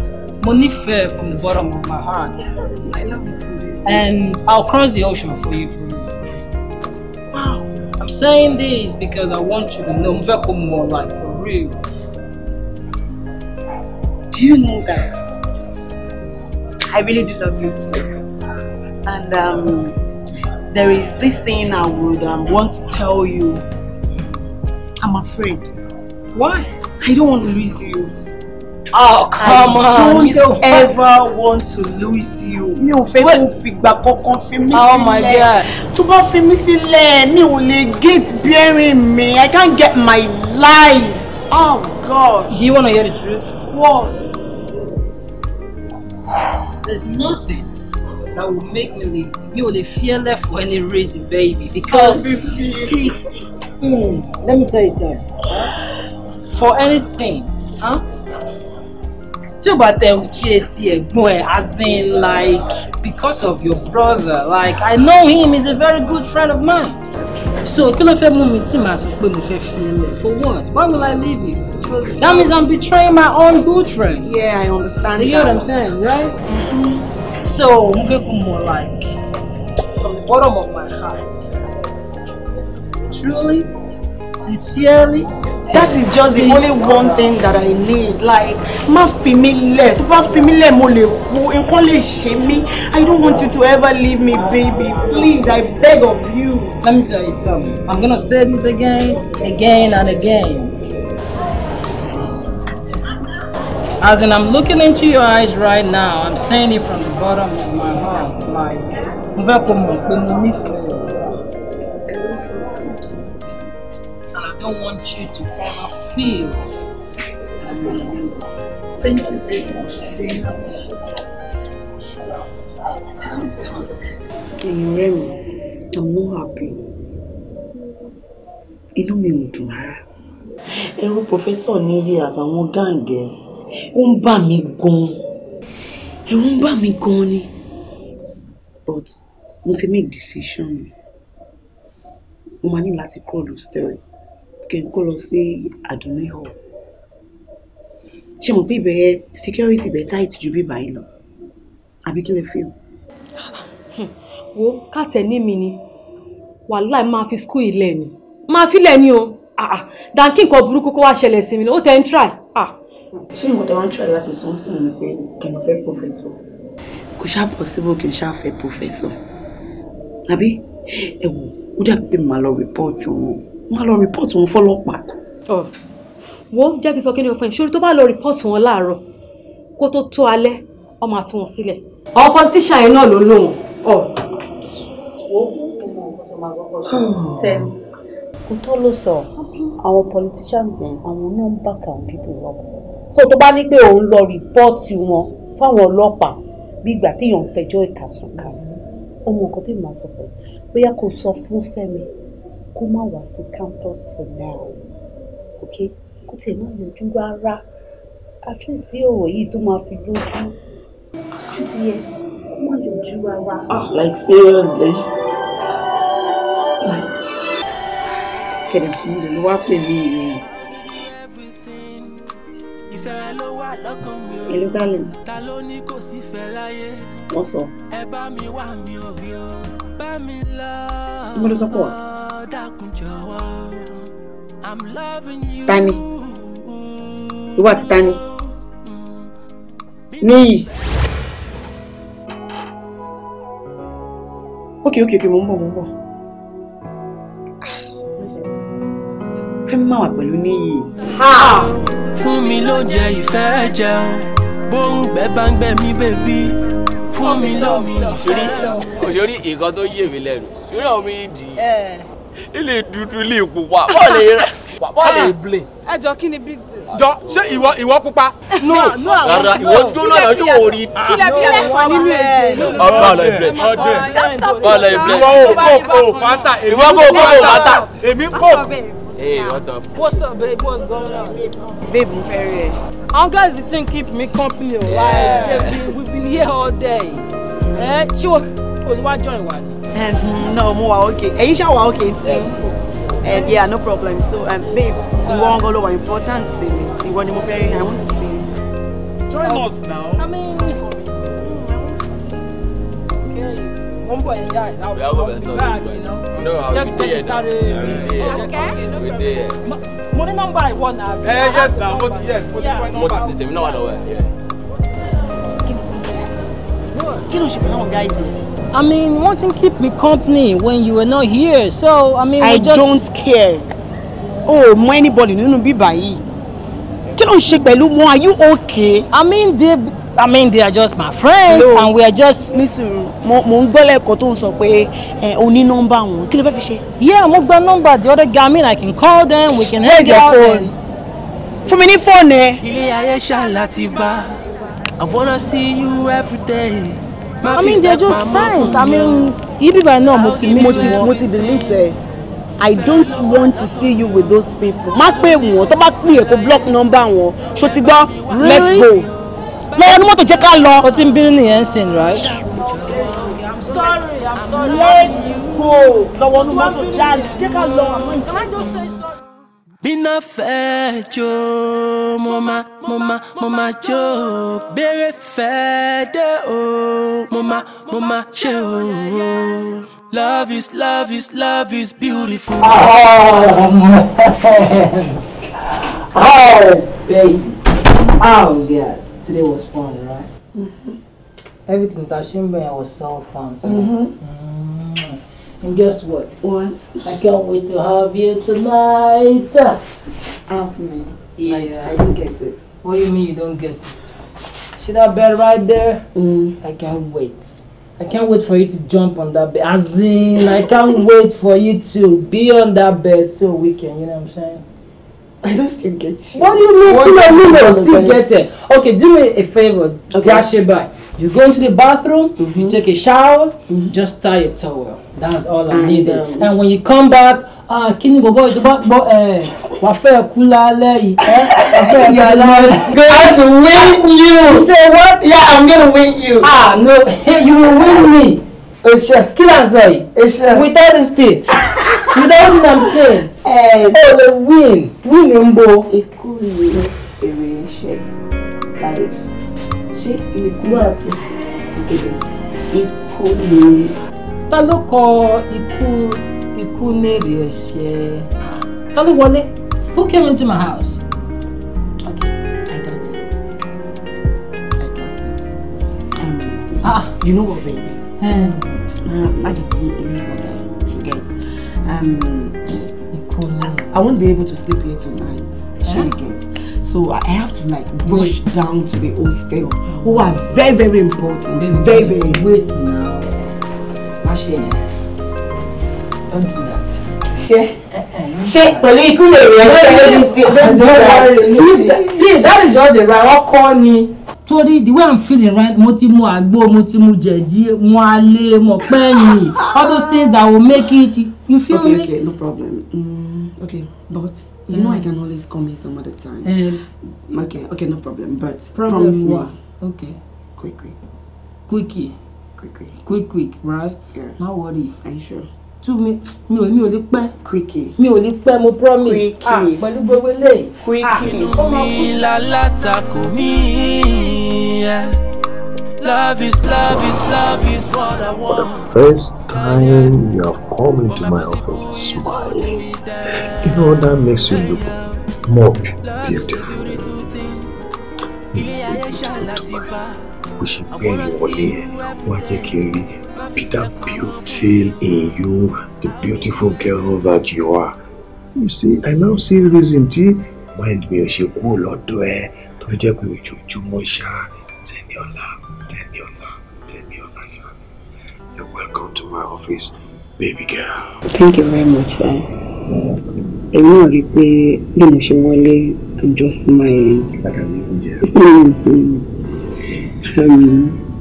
Only Monife from the bottom of my heart. I love you too. And I'll cross the ocean for you. For you. Wow. I'm saying this because I want you to know Mveko more like for real. Do you know that I really do love you too? And um, there is this thing I would um, want to tell you. I'm afraid. Why? I don't want to lose you. Oh, come I on. don't Miss ever F want to lose you. Mi ò fẹ́ kó fìgbà kankan fi mí sílẹ̀. Oh my God. To bá fi mí sílẹ̀, mi ò lè get bearing me. I can't get my life. Oh God. Do you want to hear the truth? What? There's nothing that will make me leave. Mi ò fear left for any reason, baby. Because, oh, see, hmm, let me tell you something. Huh? For anything, huh? tí o bá tẹ uche ti ẹ̀gbọ́n ẹ̀ as in like because of your brother like I know him he's a very good friend of mine so kí ló fẹ́ mú mi tí màá sọ pé mo fẹ́ fi ẹ lẹ̀ for what why will I leave you that means I'm betraying my own good friend yeah I understand you hear what I'm saying right mm-hmm. so mo fẹ́ kó mọ̀ like from the bottom of my heart truly sincerely that is just the only one thing that I need like má fi mí lẹ̀ tó bá fi mí lẹ̀ mo lè kú nǹkan lè ṣe mí I don't want you to ever leave me baby please I beg of you. let me tell you something I'm gonna say this again again and again. As in, I'm looking into your eyes right now. I'm saying it from the bottom of my heart. Like, mo fẹ́ kó mọ̀ mo nífẹ̀ẹ́. I want you to kind of feel Hallelujah. Thank you very much for being here. I'm not happy. Inú mi ò dùn rárá. Ẹ̀rù pòfẹ́sọ̀ níyì àtàwọn gáǹgẹ̀ ó ń bà mí gan-an. Ẹ̀rù ń bà mí But mo ti make decision mi. Mo máa ní láti kúrò kí n kó lọ sí àdúnní hall ṣe mọ̀ pé ìbẹ̀rẹ̀ security bẹ̀ tight ju bíbá yìí lọ àbí kí lè fi o. wo káàtẹ̀ ní mi ni wàhálà máa fi skul ilẹ̀ ni máa filẹ̀ ni o ah, ah. dànkí nǹkan burúkú kó wá ṣẹlẹ̀ sí mi ó tẹ̀ ń try. Ah. ṣé ìwọ̀n tẹ̀ wá ń try láti sún sí mi pé kì í fẹ́ professor. kò ṣáà possible kì í ṣáà fẹ́ professor àbí ẹ wò ó dàbí pé màá lọ rìpọ́ọ̀tì wọn má lọ rìpọ́ọ̀tù wọn fọlọ́pàá. wo jẹ́ kí n sọ kí ni o fẹ́ ṣorí tó bá lọ rìpọ́ọ̀tù wọn láàárọ̀ kó tó tó alẹ́ ọmọ àtún wọn sílẹ̀. àwọn pọtitíṣà yẹn náà ló lò wọn. kò tó ló sọ àwọn politicians yẹn àwọn náà ń back àwọn people up so tó bá ní pé òun lọ rìpọ́ọ̀tì wọn fáwọn ọlọ́pàá bí ìgbà téèyàn ń fẹjọ́ ìkàsùn kan ọmọ nǹkan tí màá sọ fún ẹ bóyá kò sọ fún Fẹ́mi kó wá sí campus for now ok kó tiẹ̀ má yọjú rárá àfẹ́sí ọ̀rọ̀ yìí tó máa fi lójú ṣó ti yẹ kó má yọjú rárá. Ah, like seriously. kẹ̀dẹ̀ fún mi ló wá pè mí ìrìn. Hello darling. What's up? Mo lọ sọ pọ̀ tani ìwà ti tani níyì. ókè ókè ókè mo ń bọ̀ mo ń bọ̀ fẹ́mi máa wà pẹ̀lú níyì. fún mi ló jẹ ìfẹ́ jẹ gbóngbẹ bá ń gbẹ mí bèbí fún mi lómi ìfẹ́. sórí nǹkan tó yé mi lẹ́nu sórí àwọn méjì ilé dúdú ilé pupa bọ́ọ̀lù yìí bọ́ọ̀lù yìí blé. ẹ jọ kí ni big deal. jọ ṣé ìwọ ìwọ pupa. no no àwọn rárá ìwọ jóná náà yóò wò rí. kílẹ̀ bí ẹ wà nínú èjì. bọ́ọ̀lù ìblé bọ́ọ̀lù ìblé. ìwọ o kò kò fanta èmi kò kò fanta èmi kò. Hey, what's up? What's up, babe? What's going on? Babe, mo very. rí ẹ. Àwọn guys keep me company Yeah. Like, we been here all day. Ṣé o, olùwájọ́ ìwà ni? *laughs* no more okay ẹ̀yin ṣá wa okay ti ẹ yeah no problem so um, babe ìwọ ọgọ ló wà important sí mi ìwọ ni mo fẹ́ rí i want to see you. join us now. Hmm, I mean, one point, guys, I'll be back, you know. No, I'll be take it out of Okay. We Money number one want now. Eh, yes, now. What? Yes. What? Yeah. What? What? No, I know. Yeah. Kí ló ṣe pẹ̀lú àwọn guys yìí? I mean, wanting to keep me company when you were not here. So, I mean, I just... don't care. Oh, mọ anybody no no, be by. ló ń ṣe pẹ̀lú wọn? Are you okay? I mean, they I mean, they are just my friends no. and we are just. Nísìnyí, mo mo ń gbọ́ lẹ́kọ̀ọ́ tó ń sọ pé o ní nọ́mbà Yeah, mo gba nọ́mbà the other guy. I mean, I can call them, we can hang out. And... your phone? ní fóònù ẹ. Ilé ayé ṣáà láti I wanna see you every day. I mean they're just friends. I mean ibi by now mo ti I don't want to see you with those people. Má pè wọ́n tó bá pè é kó block number wọn. Ṣo ti gbọ́? Let's go. Lọ́wọ́ ní mọ́tò jẹ́ ká lọ. O ti ń bínú nìyẹn sin, right? I'm sorry, I'm sorry. Let you go. Lọ́wọ́ ní mọ́tò jáde. Jẹ́ ká lọ. Can I just say something? bí náà fẹ́ jó mo ma mo ma mo ma jó béèrè fẹ́ dé o mo ma mo o. Love is love is love is beautiful. Oh Oh baby. Oh yeah. Today was fun, right? Mm-hmm. mm-hmm. Everything that she made was so fun today. Mm-hmm. Mm-hmm. And guess what? What? I can't wait to have you tonight. Have me. Yeah. I, I don't get it. What do you mean you don't get it? See that bed right there? Mm. I can't wait. I can't wait for you to jump on that bed. As in, I can't *laughs* wait for you to be on that bed so we can, you know what I'm saying? I don't still get you. What do you mean? What do you mean I still get it? Okay, do me a favor. Okay. Dash it by. You go into the bathroom, mm-hmm. you take a shower, mm-hmm. just tie a towel. That's all I, I needed. And when you come back, ah, kí ni about ìjọba bọ̀ ẹ̀ eh, wà fẹ́ kú lálẹ́ yìí ẹ́ eh, wà fẹ́ kú lálẹ́ yìí. going to win you. you say what? yeah I'm gonna win you. ah no *laughs* you will win me. Eshe. Kí là ń sọ Without a state. Without what I'm saying. Eh. ò oh, lè win. Win ń bo. Ikú ni èrè ń ṣe. Like ṣe ìnìkúlára pèsè ìgèdè ikú ni. ta ló kọ ikú ikú nèrè ẹ̀ṣẹ̀ ta ló wọlé who came into my house. Okay, I got it. I got it. Um, ah, you know what, baby? Hmm. Um, uh, you get. Um, I won't be able to sleep here tonight. Shall you eh? get? So I have to like rush down to the hostel who are very very important. Baby, very very wait now. Mashele, don't do that. Ṣé ṣé pẹ̀lú ikú lè rí Don't worry. See that is just the right call me. Torí the way I'm feeling right mo ti mu àgbo mo ti mo alẹ́ all those things that will make it you feel okay, me. Okay okay no problem mm, okay but. You mm. know I mm. can always come here some other time. Um, okay, okay, no problem. But promise, promise me. Okay. Quick, quick. Quickie. Quick, quick. Quick, quick, right? Yeah. Not worry. Are you sure? tú mi Me, ò mi ò quickie. Me, ò lè pẹ́ mo promise. quickie ah pẹ̀lú gbogbo eléyìí. quickie. Ah, inú mi lálátakò mí Love is, love is, love is what I want. For the first time you have come into my office smiling. You know that makes you look more beautiful. We should pay your name. Why can be that beauty in you, the beautiful girl that you are? You see, I now see reason tí mind mi ò ṣe kú lọ́dọ̀ ẹ tó jẹ́ pé ojoojúmọ́ ṣáà. my office, baby girl. Thank you very much, sir. Èmi know, rí i pé bí mo ṣe wọlé I'm just smiling.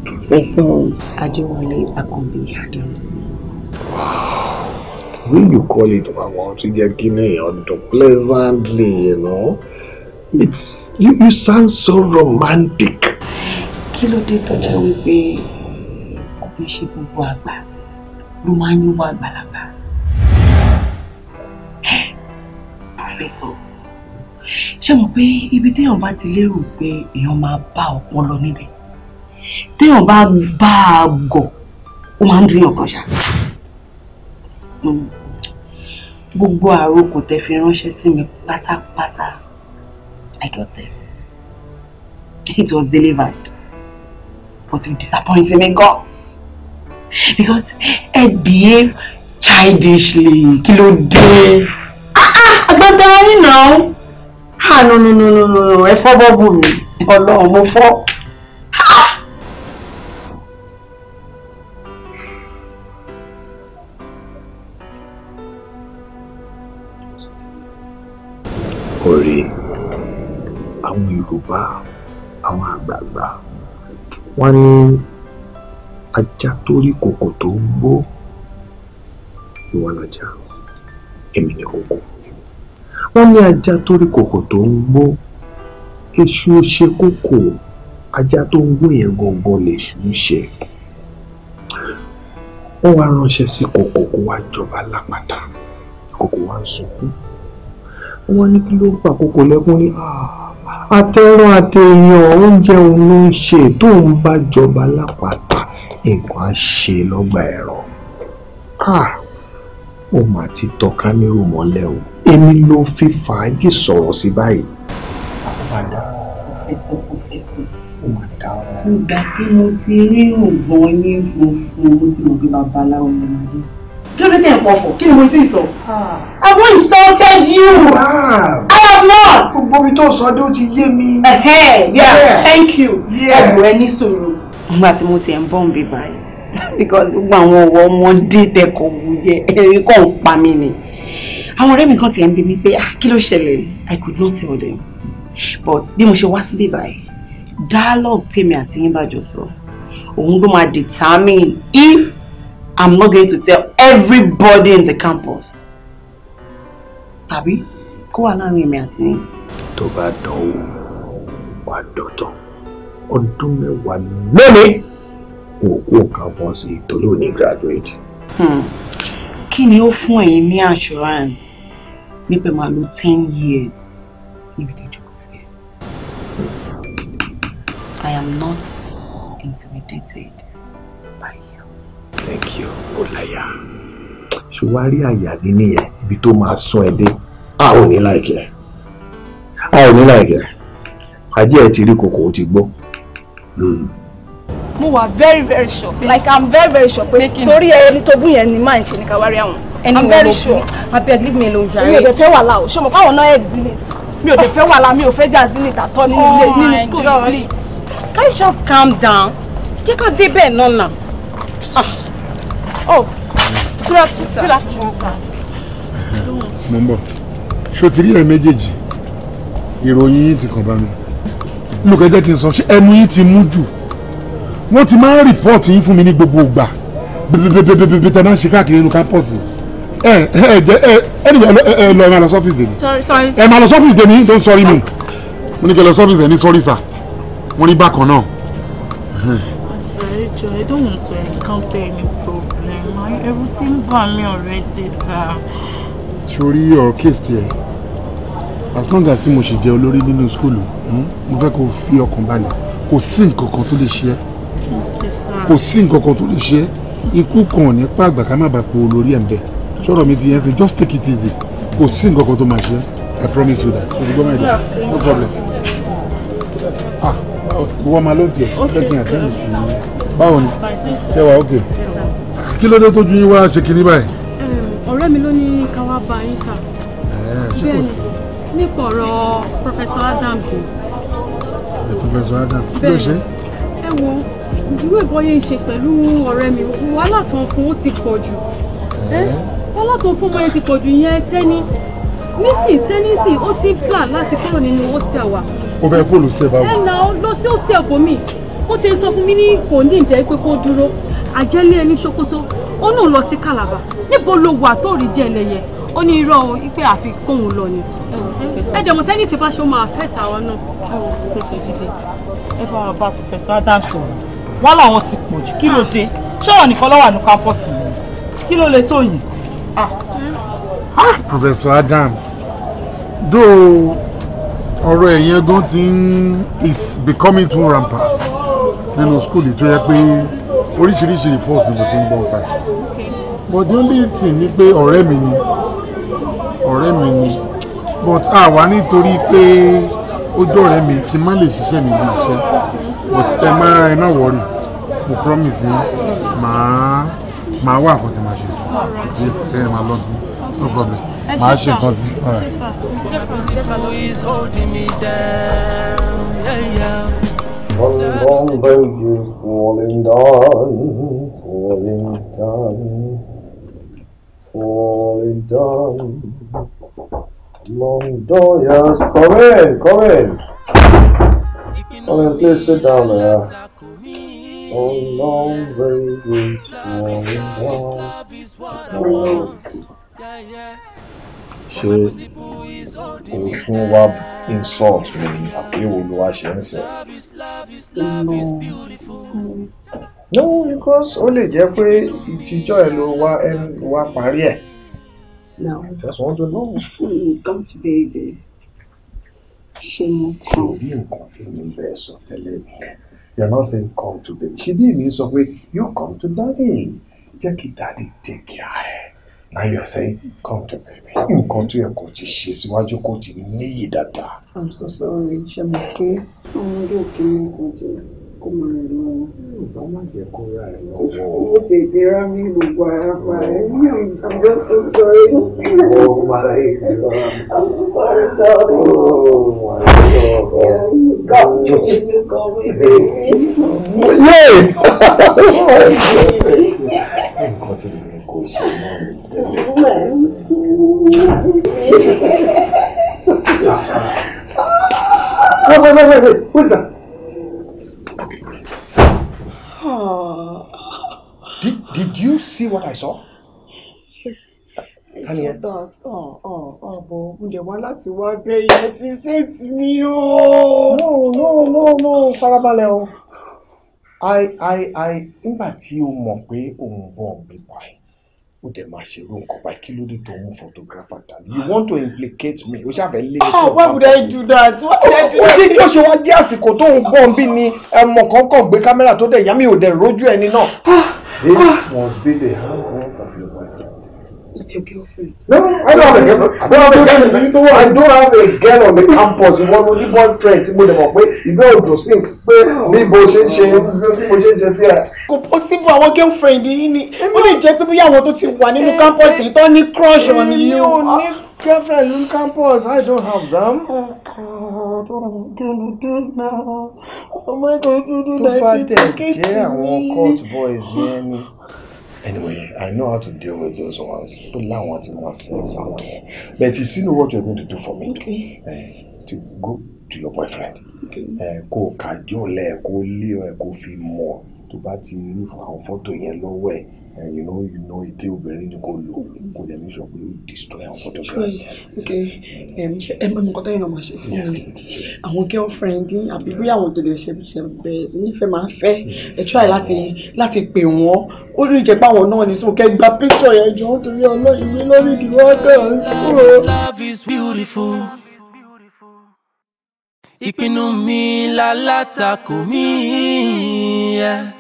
Professor um, Adéwọlé Akànbí Adams. When you call it Wawa to the it. or the pleasantly, you know, it's you, you sound so romantic. Kilo ló dé tó jẹ́ wípé kò fi ṣe gbogbo àgbà? ló máa ń yíwá àgbàlagbà pòfẹ́sọ̀ ṣé mo pé ibi téèyàn bá ti lérò pé èèyàn máa bá ọpọlọ níbẹ̀ téèyàn bá bá a gọ̀ ó máa ń dúyàn kan ṣá gbogbo àròkò tẹ fi ránṣẹ́ sí mi pátápátá I got them it was delivered but it disappointed me gan because I behave childishly kilo kí ah dé. àgbàdo ayé náà ah no no no no no no. ẹ fọ́ bọ́ọ̀bù mi ọlọ́run mo fọ́. ọ̀rẹ́ ah! àwọn yorùbá àwọn àgbààgbà wọ́n One ajá tó rí kòkò tó ń gbó ìwọ lajá èmi ni kòkò wọ́n ní ajá tó rí kòkò tó ń gbó èṣù ṣe kókò ajá tó ń gbó yẹn gangan lèṣù ṣe wọ́n wá ránṣẹ́ sí kòkò kó wá jọba lápáta kòkò wá ń sunkún wọ́n ní kí ló ń pa kòkò lẹ́kún ní àtẹ̀ràn ah, àtẹ̀yàn oúnjẹ òun ló ń ṣe tó ń bá jọba lápáta nǹkan á ṣe lọ́gbà ẹ̀rọ ó mà ti tọ kámẹ́rù mọ́lẹ̀ o èmi ló fi fàájì sọ̀rọ̀ sí báyìí. ó mà dá fẹsẹ̀ kò fẹsẹ̀. ó mà dá ọ. ìgbà tí mo ti rí ògbọ́n yín funfun mo ti mọ̀ pé babaláwo ni mo rí kí ló dé tẹ̀ ẹ̀kọ́ ọ̀fọ̀ kí ni mo ti sọ. I won't insulted you. I have not. gbogbo mi tó sọ dé ó ti yé mi. thank you. ẹ̀bùn ẹni sọ̀rọ̀ nígbà tí mo ti ẹ̀ ń bọ̀ ń báyìí *laughs* gbogbo àwọn ọ̀wọ́ ọmọdé tẹ̀kọ̀ wúyẹ ẹ̀rín kàn ń pa mí ni àwọn ọ̀rẹ́ mi kan ti ẹ̀ ń bi mí pé ah kí ló ṣẹlẹ̀ I could not tell them but bí mo ṣe wá síbí báyìí dialogue tèmi àti yín bá jọ sọ òun ló máa determine if I'm not going to tell everybody in the campus tàbí kó wà láàrin èmi àti yín. tó bá dánwò wàá dọ̀tàn ọdún mẹ́wàá lónìí òkú kan bọ́ sí torí ò ní graduate. Hmm. kí ni ó fún ẹ̀yin ní assurance nípa máa lo ten years níbi tó jókòó sí ẹ. I am not intimidated by you. thank you ọláyà ṣùwárí àyà nínú yẹn ibi tó máa sún ẹ dé a ò ní láìkẹ́ a ò ní láìkẹ́ ajé ẹ ti rí kòkó ti gbó. Mm. mo wà very very sure like i'm very very sure pé torí ẹni tó bú yẹn ni máa ń ṣe ní kawari àwọn i'm very sure abeg leave me alone jare mi ò dé fẹ́ wàhálà o ṣé mo káwọn náà exit mi ò dé fẹ́ wàhálà mi ò fẹ́ jà sí níta tọ́ nínú ilé nínú school please can you just calm down jẹ́ ká débẹ̀ náà nà ah. oh good afternoon sir good afternoon sir. mo ń bọ̀ ṣòtìrí ẹ̀ méjèèjì ìròyìn ti kàn bá mi look ẹ jẹ́ kí n sọ ṣé ẹnu yín ti mú jù wọ́n ti máa ń report yín fún mi ní gbogbo ìgbà bẹ̀bẹ̀bẹ̀bẹ̀bẹ̀ tẹ̀ máa ń ṣe káàkiri inú campus ẹ ẹ jẹ ẹ ẹni ẹ lọ ẹ máa lọ sọ́fíìsì dèmi sorry sorry ẹ máa lọ sọ́fíìsì dèmi don't sorry me mo ní kí ẹ lọ sọ́fíìsì ẹ ní sorry sir wọ́n ní bákan náà. Joe, I don't want to encounter any problem. Everything about me already, sir. Surely your case, dear as long as mo ṣe jẹ́ olórí nínú skulu hmm, mo fẹ́ kó fi ọkàn balẹ̀ kò sí nǹkan kan tó lè ṣe ẹ́ kò sí nǹkan kan tó lè ṣe ẹ́ ikú kan ò ní pa àgbà ká má bàa po olórí ẹ̀ ń bẹ̀ sọ̀rọ̀ mi ti yẹn ṣe just take it easy kò sí nǹkan kan tó máa ṣe ẹ́ I promise you that olùgbọ́n máa dé no problem ah ìwọ máa ló ń tiẹ̀ lẹ́gbẹ̀ẹ́ àtẹ́ǹdì sí i báwo ni ṣé wà ok kí ló dé tójú yín wá ṣe kinní báyìí. Um, ọ̀rẹ́ mi ló ní káwá bá yín sà eh, bẹ́ẹ̀ ni nípa ọ̀rọ̀ Professor Adams ni. ẹ Professor Adams ló ṣe. ẹ wo ìdúró ìbọyé ń ṣe pẹ̀lú ọ̀rẹ́ mi wàhálà tó ń fún ó ti pọ̀ jù wàhálà tó ń fún ọmọ yẹn ti pọ̀ jù yẹn tẹ́ni nísìn tẹ́nísì ó ti gbà láti kúrò nínú hostel wa. ó fẹ́ kó lọ hostel báwo. ẹ na lọ sí hostel kò mí ó ti sọ fún mi ní kò ní ìjẹ́ pé kó dúró àjẹlé ẹni ṣòkòtò ó náà lọ sí Calabar níbo lo wà tó rí jẹ́ ẹlẹ́yẹ ó ní irọ́ o pé àfi lọ ni ẹ dẹ̀ mọ̀ tẹ́ni tí bá ṣe máa fẹ́ tàwọn náà ẹ wò Professor ẹ bá wọn bá Professor Adams sọ̀rọ̀ wọn làwọn ti pọ̀ jù kí ló dé ṣọ́ọ̀ nìkan lọ́wọ́ àánú kámpọ́ọ̀sì mi kí ló lè tó yìn. Professor Adams though ọ̀rọ̀ ẹ̀yẹn gan ti ń is becoming too rampant nínú skúlì tó yẹ pé oríṣiríṣi report ni mo ti ń gbọ́ pa but the only thing ni pé ọ̀rẹ́ mi ni ọ̀rẹ́ mi ni but àwa nítorí pé ojú ọ̀rẹ́ mi kí n má lè ṣiṣẹ́ mi bí iṣẹ́ but ẹ má ẹ má wọrí mo promise yín màá màá wà àkọ́tì màá ṣe sí yes ẹ máa lọ sí no problem màá ṣe nǹkan sí. One long day is falling down, falling down, falling down. Mondoyas, come in, come in. Come in, please sit down there. Oh, no, baby, oh no. Ṣé o tún wá insult mi ni àbí wo ló wá ṣe ń sẹ́? No, because ó lè jẹ́ pé ìtijọ́ ẹ̀ ló wá parí ẹ̀. No. I just want to know. Mm, come to baby. Ṣé mo kàn? Ṣèbí nǹkan tí mo bẹ̀ sọ tẹ́lẹ̀ nìyẹn. You're not saying come to baby. Ṣèbí èmi sọ pé you come to daddy. Jẹ́ kí daddy take care Now you are saying come to baby. Nǹkan tó yẹ kó ti ṣe síwájú kó ti níyì dáadáa. I'm so sorry. Ṣé mo ké? Ọmọdé òkè mi kò jẹ́ kó máa rìn lọ́wọ́. Yorùbá má jẹ́ kó ra ẹ̀ lọ́wọ́. Ó tètè rá mi gbogbo ara pa ẹ̀. I'm just so sorry. Oh my God. I'm so sorry, sorry. Oh my God. Yeah, you got me. You got me, baby. Yay! Nǹkan tí mo kò ṣe náà ni tẹ́lẹ̀. Wait, wait, wait, wait, wait, wait. Did, did you see what I saw? Yes. I saw That. Oh, oh, oh, but oúnjẹ wa láti wá bẹ yẹn ti set mi o. No, no, no, no, farabalẹ̀ o. I, I, I, nígbà tí o mọ̀ pé òun bọ̀ gbé pa ó dẹ̀ máa ṣerú nǹkan báyìí kí ló dé tó mú photographer dání you ah. want to implicate me o ṣàfẹ́ lé. ah why would I do that why would I do that. ó ṣe kí o ṣe wá jẹ́ àsìkò tó ń bọ̀ bí ni ẹmọ kan kàn gbé kámẹ́rà tó dẹ̀ yá mi ò dẹ̀ rójú ẹni náà. Ah, this ah. must be the hand girlfriend. No, I don't have a girlfriend. I don't have a girlfriend. You know what? I don't have a girl on the campus. Ìwọ ló ní boyfriend tí mo lè mọ̀ pé ìgbẹ́ òdò sí pé bí mo ṣe ń ṣe bí mo ṣe ń ṣe sí ẹ̀. Kò possible àwọn girlfriend yìí ni. Ó lè jẹ́ pé bóyá àwọn tó ti wà nínú eh, campus yìí tó ní crush eh, on you. Mi ò ní ah. girlfriend on campus. I don't have them. Oh, oh, tó bá dẹ̀ jẹ́ àwọn court boys yẹn ni. Anyway, I know how to deal with those ones. Tó láwọn tí wọ́n ṣe sáwọn yẹn. But you see what you're going to do for me. Okay. Uh, to go to your boyfriend. Okay. Go o go lẹ̀, go o lé ọ, kó o fi mọ̀ tó bá ti ní àwọn fọ́tò yẹn lọ́wọ́ ẹ̀ and you know you know ike obìnrin ni kò lò kò dẹ̀ ní sọ pé ó destroy àwọn photograph. ok ẹ mọ nǹkan tó yẹn náà máa ṣe fún mi àwọn girlfriend àbí bí àwọn tó ṣe bẹ̀rẹ̀ sí nífẹ̀ẹ́ máa fẹ́ ẹ try láti láti pè wọ́n ó ní ìjẹ́ àwọn náà ní sókè gba picture yẹn jọ nítorí ọlọ́yin mi lórí ìdíwọ́ ọ̀dọ́ ìpinnu mi lálátakò mi yẹ.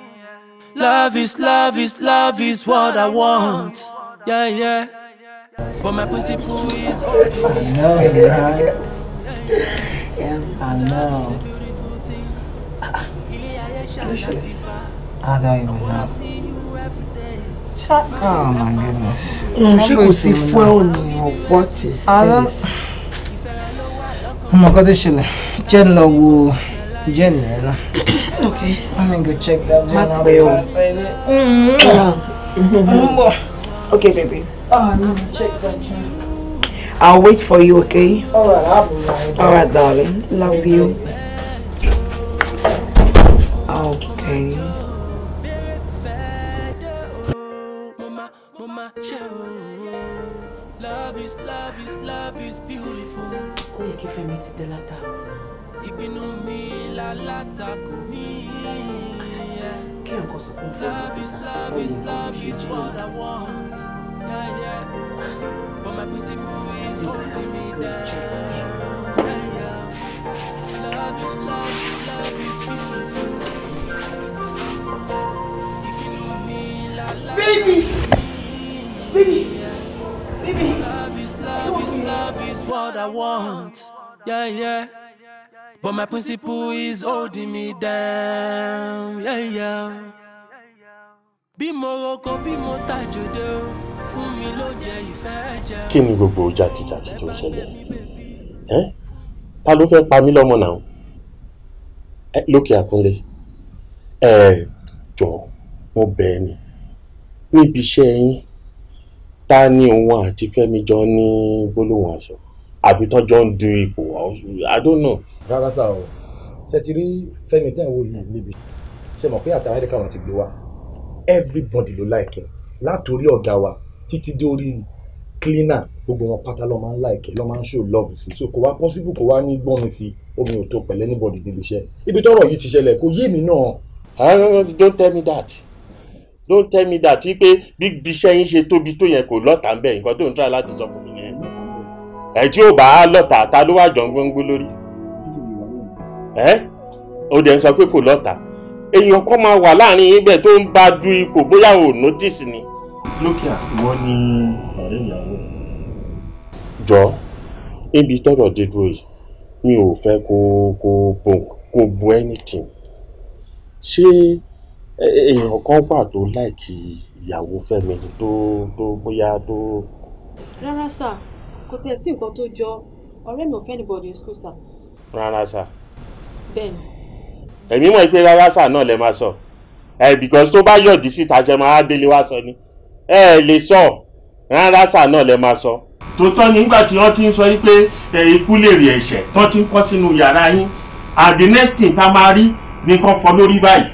Love is, love is, love is what I want. Yeah, yeah. But my pussy poo is I me. Love, right? Yeah, I know. I don't even know. Shut Oh my goodness. Mm, she could see phone or what is this? Oh my God, Sheila. Jen Law will. General. okay. I'm gonna go check that Jen. I'll be back later. Mm okay, baby. Oh, no, check that Jen. I'll wait for you, okay? Alright, I'll be right back. Alright, darling. Love you. Okay. Love is, love is, love is beautiful. Oh, you give me to the latter. alátakò mi. kí ẹ̀ kọ́ sọ fún fún mi síta ó ní kó But my principle is holding me down. Yeah, yeah. Love is love is love is beautiful. Baby! Baby! Baby! Love is love is love is what I want. Yeah, yeah. But my principle is holding me down. Yeah, yeah. Bí mo roko bí mo tajòdò, fún mi ló jẹ ìfẹ́ jẹ. Kí ni gbogbo jàtijàti tó ń ṣẹlẹ̀? Ẹ́ ta ló fẹ́ pa mí lọ́mọ náà? Ẹ lókè àkúnlé. Ẹ jọ mo bẹ̀ ẹ́ ni. Níbi iṣẹ́ yín, ta ni òun àti Fẹ́mi jọ ní gbólóhùn aṣọ? Àbí tán jọ ń du ipò? I don't know rárá sá o ṣe ti rí fẹ́mi tẹ́ ń wò yìí níbi ṣe mọ̀ pé àtàwọn ẹ̀ríkà wọn ti gbé wa everybody ló láìkẹ́ látòrí ọ̀gá wa títí dórí cleaner gbogbo wọn pátá ló máa ń láìkẹ́ ló máa ń show love sí so kò wá possible kò wá ní gbọ́nmi sí omi ò tó pẹ̀lẹ́ anybody níbi iṣẹ́ ibi tọ́rọ̀ yìí ti ṣẹlẹ̀ kò yé mi náà. don't tell me that don't tell me that wípé bí iṣẹ́ yín ṣe tóbi tó yẹn kò lọ́tà ń bẹ̀ nǹkan tó ń try láti sọ fún mi yẹn ẹ̀ tí ò bá lọ́tà ta ló wà jọ̀ ń gbóngbó lórí. ẹ́ ó dẹ̀ sọ pé kò lọ́ta èèyàn kan máa wà láàrin ibẹ̀ tó ń bá du ipò bóyá o notice ni. lókè àtiwọ́ ni ọ̀rẹ́ ìyàwó. jọ níbi tọ́rọ̀ dé dúró yìí mi ò fẹ́ kó kó kó bu anything ṣé èèyàn kan wà tó láìkí ìyàwó fẹ́mi tó tó bóyá tó. rárá sà kò tiẹ̀ sí nǹkan tó jọ ọ̀rẹ́ mi ò fẹ́ anybody in school sà. rárá sà. bẹ́ẹ̀ni. èmi mọ̀ pé rárá sà náà lẹ máa sọ ẹ because tó bá yọ̀dí síta ṣe máa délé wá sọ ni ẹ lè sọ rárá sà náà lẹ máa sọ. tòótọ́ nígbà tí wọ́n ti ń sọ yí pé ikú lè rí ẹ̀ṣẹ̀ tó ti ń kọ́ sínú yàrá yín and the next thing tá máa rí ni kán fọ lórí báyìí.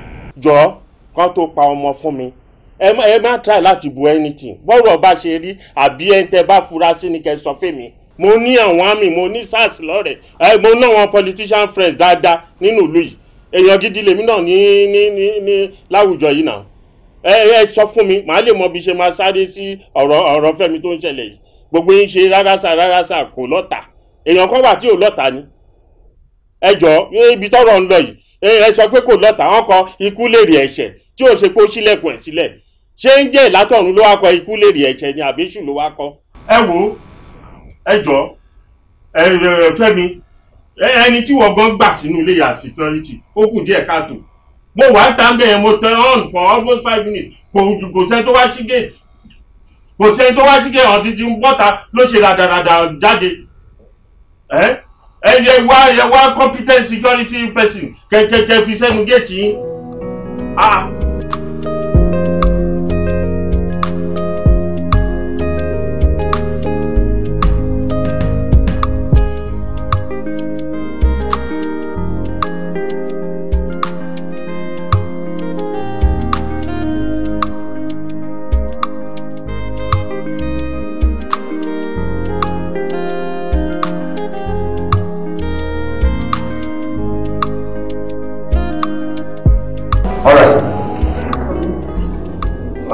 jọ kán tó pa ọmọ fún mi ẹ má try láti bu anything bọ́rọ̀ bá ṣe rí àbí ẹ̀ ń tẹ́ bá fura sí ni kẹ́ sọ fún mi mo ní àwọn àmì mo ní sars lọ́rẹ̀ ẹ mo ná àwọn politician friends dáadáa nínú ìlú yìí èèyàn gidi lèmi náà ní ní ní ní láwùjọ yìí náà ẹ ẹ sọ fún mi màá lè mọ bí ṣe máa sáré sí ọ̀rọ̀ ọ̀rọ̀ fẹ́mi tó ń ṣẹlẹ̀ yìí gbogbo yín ṣe rárásà rárásà kò lọ́tà èèyàn kan wà tí ò lọ́tà ni ẹ jọ ibi tọ́rọ̀ ń lọ yìí ẹ sọ pé kò lọ́tà wọn kọ ikú lèrè ẹ̀ṣẹ̀ tí ò ṣe pé ó ṣílẹ̀kùn ẹ̀ sílẹ̀ ṣé ń jẹ́ ìlàtọ̀run ló wá kọ ikú lèrè ẹ̀ṣẹ̀ ni àbíṣù ló wá kọ. ẹ wo ẹ jọ ẹ ẹ Fẹ́mi ẹni tí wọ́n gan gbà sínú ilé yà security ó kù díẹ̀ káàtó mo wà á ta bẹ́ẹ̀ mo turn on for almost five minutes kò kò sẹ́ni tó wá sí gate kò sẹ́ni tó wá sí gate ọ̀tí ti ń bọ́ta ló ṣe ràdàràdà jáde ẹ yẹ wá yẹ wá competent security person kẹ̀kẹ́kẹ́ fi sẹ́nu gate yín. Ah.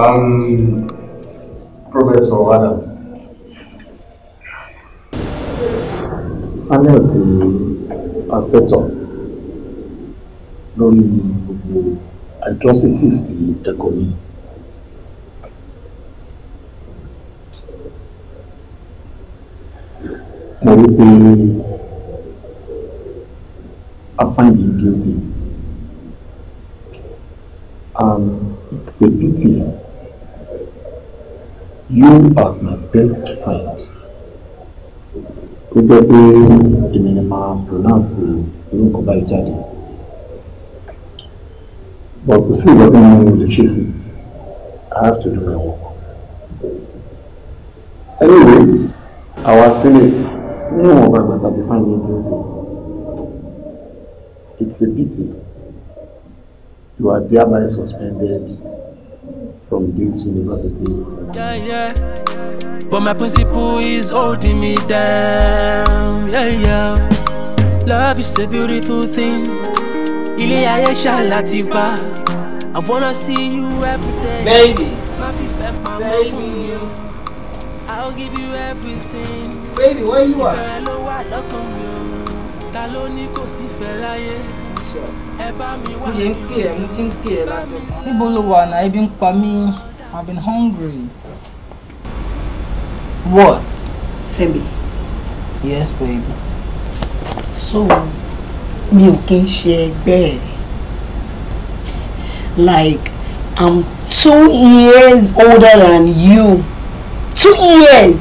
Um, Professor Adams. Panel ti a set up lórí gbogbo atrocities ti ẹ̀kọ́ mi. Mo rí pé I find him guilty and it's a pity you as my best friend tó jẹ́ pé èmi ni máa pronounce irú nǹkan báyìí jáde but kò sí ìgbà tí mo lè ṣe sí i have to do my work. anyway our senate ní ìwọ̀n bàgbà tàbí fáìlì guilty it's a pity you are thereby suspended from this university. Yeah, yeah. But my principal is holding me down. Yeah, yeah. Love is a beautiful thing. Ilé ayé ṣàlàtì I wanna see you every day. Baby. Baby. I'll give you everything. Baby, where you at? mo ṣe ń pè ẹ́ mo ti ń pè ẹ́ láti ọkàn. I've been hungry. What? Femi. Yes, baby. So, you can share bed. Like, I'm two years older than you. Two years!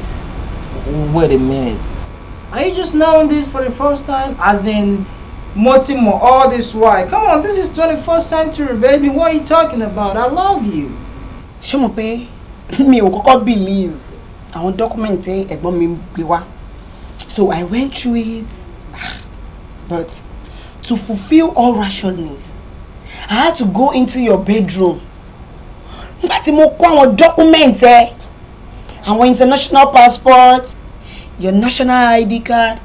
Wait a minute. Are you just knowing this for the first time? As in, Motimo, all this why. Come on, this is 21st century, baby. What are you talking about? I love you. Ṣé me. pé *clears throat* mi ò kọ́kọ́ believe àwọn document ẹ̀gbọ́n mi gbé wá. So I went through it. But to fulfill all righteousness, I had to go into your bedroom. Nígbà tí mo kó àwọn document ẹ, international passport, your national ID card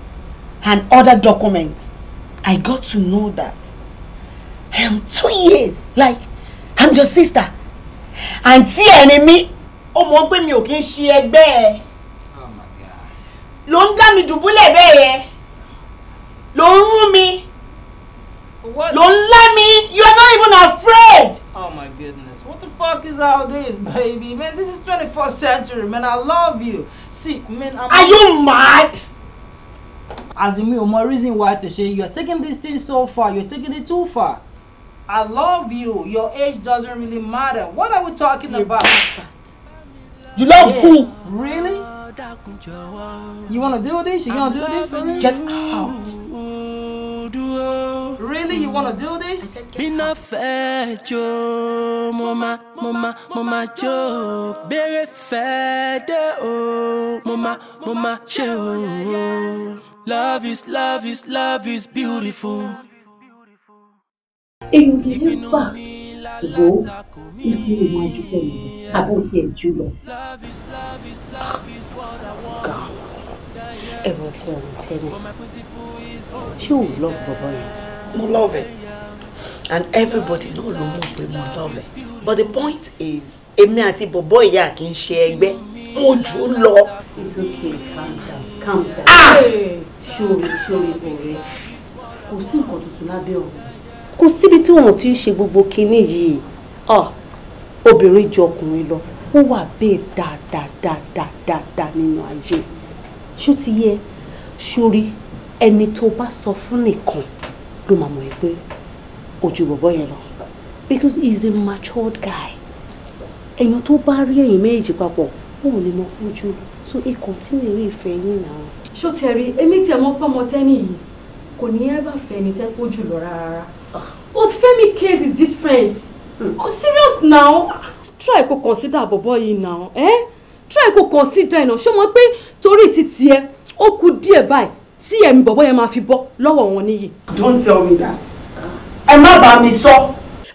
and other documents. I got to know that I am two years like I'm your sister And see, enemy. Oh my God. pé mi ò kí ń ṣe ẹgbẹ́ ẹ oh ló ń dá mi dùbúlẹ̀ bẹ́ẹ̀ yẹn ló you are not even afraid. Oh my goodness, what the fuck is all this, baby? Man, this is 21st century, man. I love you. See, man, I'm. Are you mad? as in mi ò mọ reason why to say you are taking this thing so far you are taking it too far. I love you your age doesn't really matter what are we talking you about. Bastard. you love yeah. who. really. you wanna do this you wanna do this for me. get out. really you wanna do this. iná eh, fẹ́ jó mo ma mo ma Love is, love is, love is beautiful. Èyí ló fà wò ó ibi ìmọ̀ àdúgbò yìí àbọ̀ tí ẹ̀ jù lọ. Ah, Ẹ̀rọ tí ọ̀rọ̀ tẹ́lẹ̀ ṣé òun lọ bọ̀bọ̀ yẹn? Mo love it and everybody náà ló love it but the point is èmi àti bọ̀bọ̀ ìyá kì í ṣe ẹgbẹ́ mo jù ú It's okay calm down calm down. Ah! ṣóore ṣóore bẹ̀rẹ̀ kò sí nǹkan tuntun lábẹ́ ọ̀run. kò síbi tí wọn ò ti ń ṣe gbogbo kinní yìí ah, obìnrin ju ọkùnrin lọ ó wà bẹ́ẹ̀ dáadáadáadáa nínú ayé ṣó ti yẹ ṣórí ẹni tó bá sọ fún nìkan ló máa mọ̀ pé ojú bọ̀bọ̀ yẹn lọ because he is a matured guy èèyàn tó bá rí ẹ̀yìn méjì papọ̀ òun ni mo kún jù so he continue ìfẹ́ yín náà ṣó tẹ rí èmi tiẹ̀ mọ́ pọ́nmọ tẹ́ni yìí kò ní ẹ́ bá fẹ́ ni tẹ́ kó jù lọ rárá but Femi case is different mm. oh, serious now try kó consider bọ̀bọ̀ yìí now eh? try kó consider ẹ̀ náà ṣé o mọ̀ pé torí ti tiẹ̀ ó kù díẹ̀ báyìí tí ẹ̀mí bọ̀bọ̀ yẹn máa fi bọ́ lọ́wọ́ wọn níyì. don't tell me that ẹ má bá mi sọ.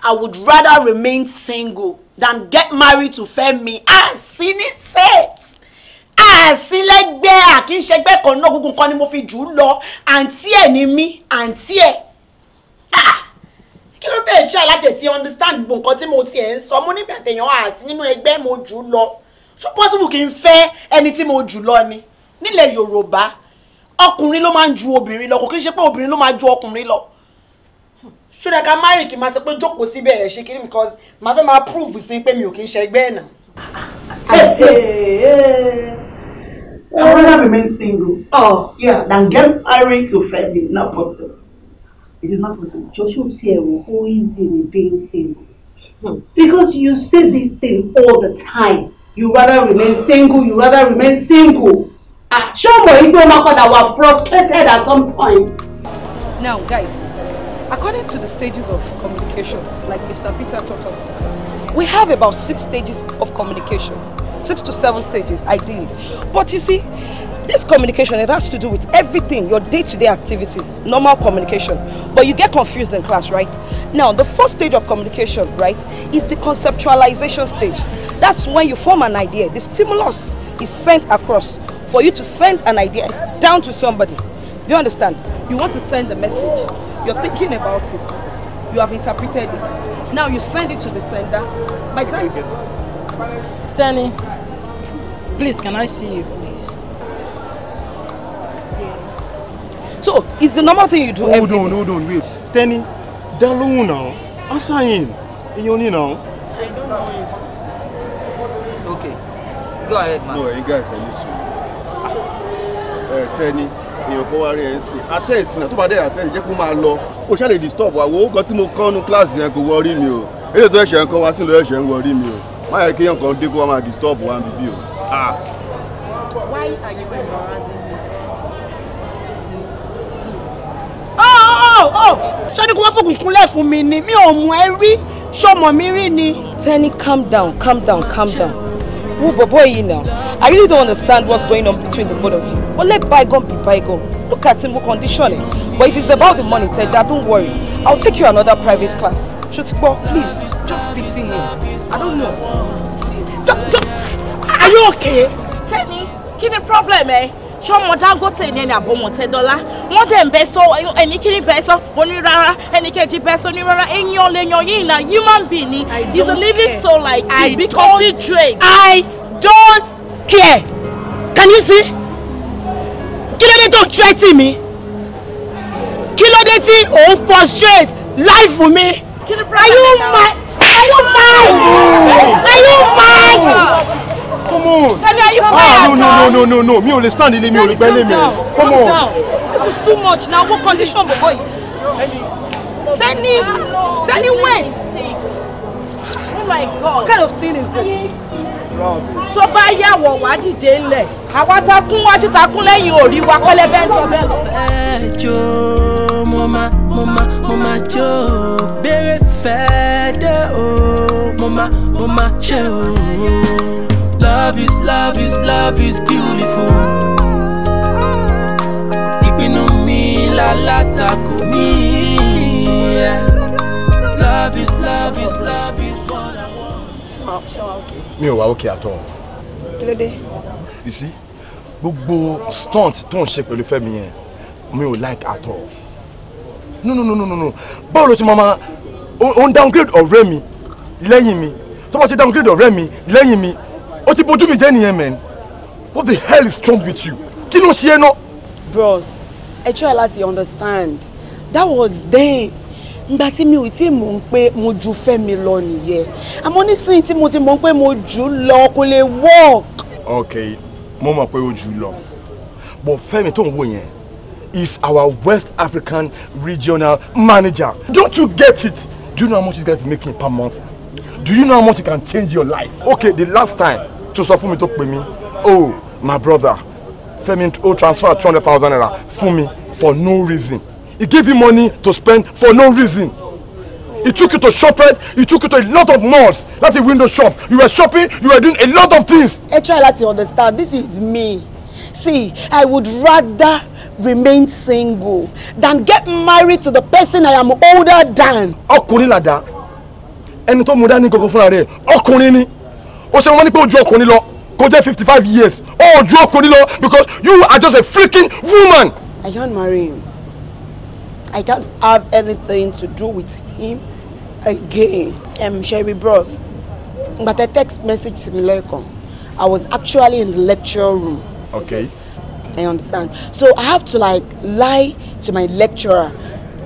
I would rather remain single than get married to Femi as ah, Sini said àsìlẹ́gbẹ́ àkínṣẹ́gbẹ́ kan náà gúngun kan ni mo fi jù ú lọ àǹtí ẹ̀ ni mí àǹtí ẹ̀ ah! kí ló tẹ̀ ń ṣá láti ti understand gbogbo nǹkan tí mo tiẹ̀ ń sọ mo níbi àtẹ̀yàn àsí nínú ẹgbẹ́ mo jù ú lọ ṣó possible kí n fẹ́ ẹni tí mo jù lọ ni nílẹ̀ Yorùbá ọkùnrin ló máa ń ju obìnrin lọ kò kí n ṣe pé obìnrin ló máa ju ọkùnrin lọ ṣúra ká márì kí n máa sọ pé jókòó síbẹ̀ ẹ̀ ṣe kiri because màá fẹ́ máa prove sí pé mi ò kí ń ṣẹgbẹ́ ẹ̀ náà. àti I rather remain single. Oh, yeah, than get married to Femi. Not possible. It is not possible. Joshua Tiewo, who is in being single? Hmm. Because you say this thing all the time. You rather remain single, you rather remain single. Ah, show me if you that were frustrated at some point. Now, guys, according to the stages of communication, like Mr. Peter taught us, we have about six stages of communication. six to seven stages, ideally. But you see, this communication, it has to do with everything, your day-to-day -day activities, normal communication. But you get confused in class, right? Now, the first stage of communication, right, is the conceptualization stage. That's when you form an idea. The stimulus is sent across for you to send an idea down to somebody. Do you understand? You want to send a message. You're thinking about it. You have interpreted it. Now you send it to the sender. By time... Tenny, Please, can I see you, please? So, it's the normal thing you do oh, Hold on, hold on, wait. Tenny, dá lóhùn now. Answer him. You only now. I don't know him. Okay. Go ahead, man. No, you guys are used to ah. Eh, Tenny, èèyàn kan wá rí ẹ ń sìn àtẹ ìsìn náà tó bá dé àtẹ ìjẹ́ kó máa lọ ó disturb wa wo nǹkan to mo kọ́ nu kíláàsì yẹn kò wọrí mi o èyí tó ẹ̀ṣẹ̀ ń you. wa sí ló ẹ̀ṣẹ̀ ń wọrí mi disturb wa níbí o. Ah. Why are you embarrassing me? Oh, oh, oh, oh. ṣọ́ni kí wọ́n fògùn kúnlẹ̀ fún mi ni mi ò mú ẹ rí ṣọmọ mi rí ni. Tẹ́ni calm down calm down calm down. Wo bọ̀bọ̀ yìí now? I really don't understand what's going on between the both of you. Well, let bygone be bygone. Look at him, we're conditioning. But if it's about the money, Ted, don't worry. I'll take you another private class. Shotigbo, please, just pity him. I don't know. Don't, don't are you okay? Tell me, give me problem eh? Show go tell me Dangote ni ẹni àbọ̀mọ̀ Tẹ́dọ́lá? Wọ́n dẹ̀ ń bẹ sọ ẹni kí ni bẹ sọ onírara ẹni kejì bẹ sọ onírara any ọlẹ́yàn any na human being ni is a living soul like I because I don't care. Can you see? Kí ló dé tó threaten mi? Kí ló dé tí frustrate life for me? Are you mad? Are you mad? Are you mad? Come on. Tell are you for ah, No, no, no, no, no, no. Me only stand ilé me only bend, gbélé mi. Come on. This is too much now. What condition for boy? Tell me. Tell me when. Oh my God. What kind of thing is this? So by ya wá wa ńlẹ̀, àwa ta kún wájú ta kun lẹ́yìn òrí wa kọ́lẹ́ bẹ́ẹ̀ ní ọbẹ̀. Ẹ jó mo máa mo máa mo Mama, jó béèrè fẹ́ dé o mama, mama, mo Love is, love is, love is beautiful. Ìpinnu mi lálátakò mi. Love is, love is, love is what I want. Ṣé wàá òkè? Mi ò wá òkè àtọ̀. Kí ló dé? You see, gbogbo stunt tó ń ṣe pẹ̀lú Fẹ́mi yẹn, mi ò like at all. No, no, no, no, no, no. Báwo ló ti mọ̀ máa, ó ń downgrade ọ̀rẹ́ mi lẹ́yìn mi. Tó bá ti downgrade ọ̀rẹ́ mi lẹ́yìn mi o ti bojú mi jẹ́ nìyẹn mẹ́ni what the hell is wrong with you kí ló ṣe é ná. bros ẹ try láti understand that was then ngba tí mi ò tí mọ̀ ń pé mo ju Fẹ́mi lọ nìyẹn àmọ́ nísìnyí tí mo ti mọ̀ ń pé mo jù lọ kò lè work. ok mo mọ̀ pé o jù lọ but Fẹ́mi tó ń wò yẹn is our West African regional manager don't you get it do you know how much he's getting making per month do you know how much it can change your life. okay the last time to sọ fún mi tó pè mí oh my brother Femi Oh, transfer two hundred thousand naira fún mi for no reason he gave you money to spend for no reason he took you to shoprite he took you to a lot of malls that's a window shop you were shopping you were doing a lot of things. ẹ try láti understand this is me see i would rather remain single than get married to the person i am older than. ọkùnrin làdá ẹni tó mú dání gangan fúnra rẹ̀ ọkùnrin ni ó ṣe wọ́n ní pé ojú ọkùnrin lọ kò jẹ́ fifty five years ó ojú ọkùnrin lọ because you are just a freaking woman. I can't marry him. I can't have anything to do with him again. Um, Sherry Bros, but I text message to me lẹ́ẹ̀kan. I was actually in the lecture room. Okay. I understand. So I have to like lie to my lecturer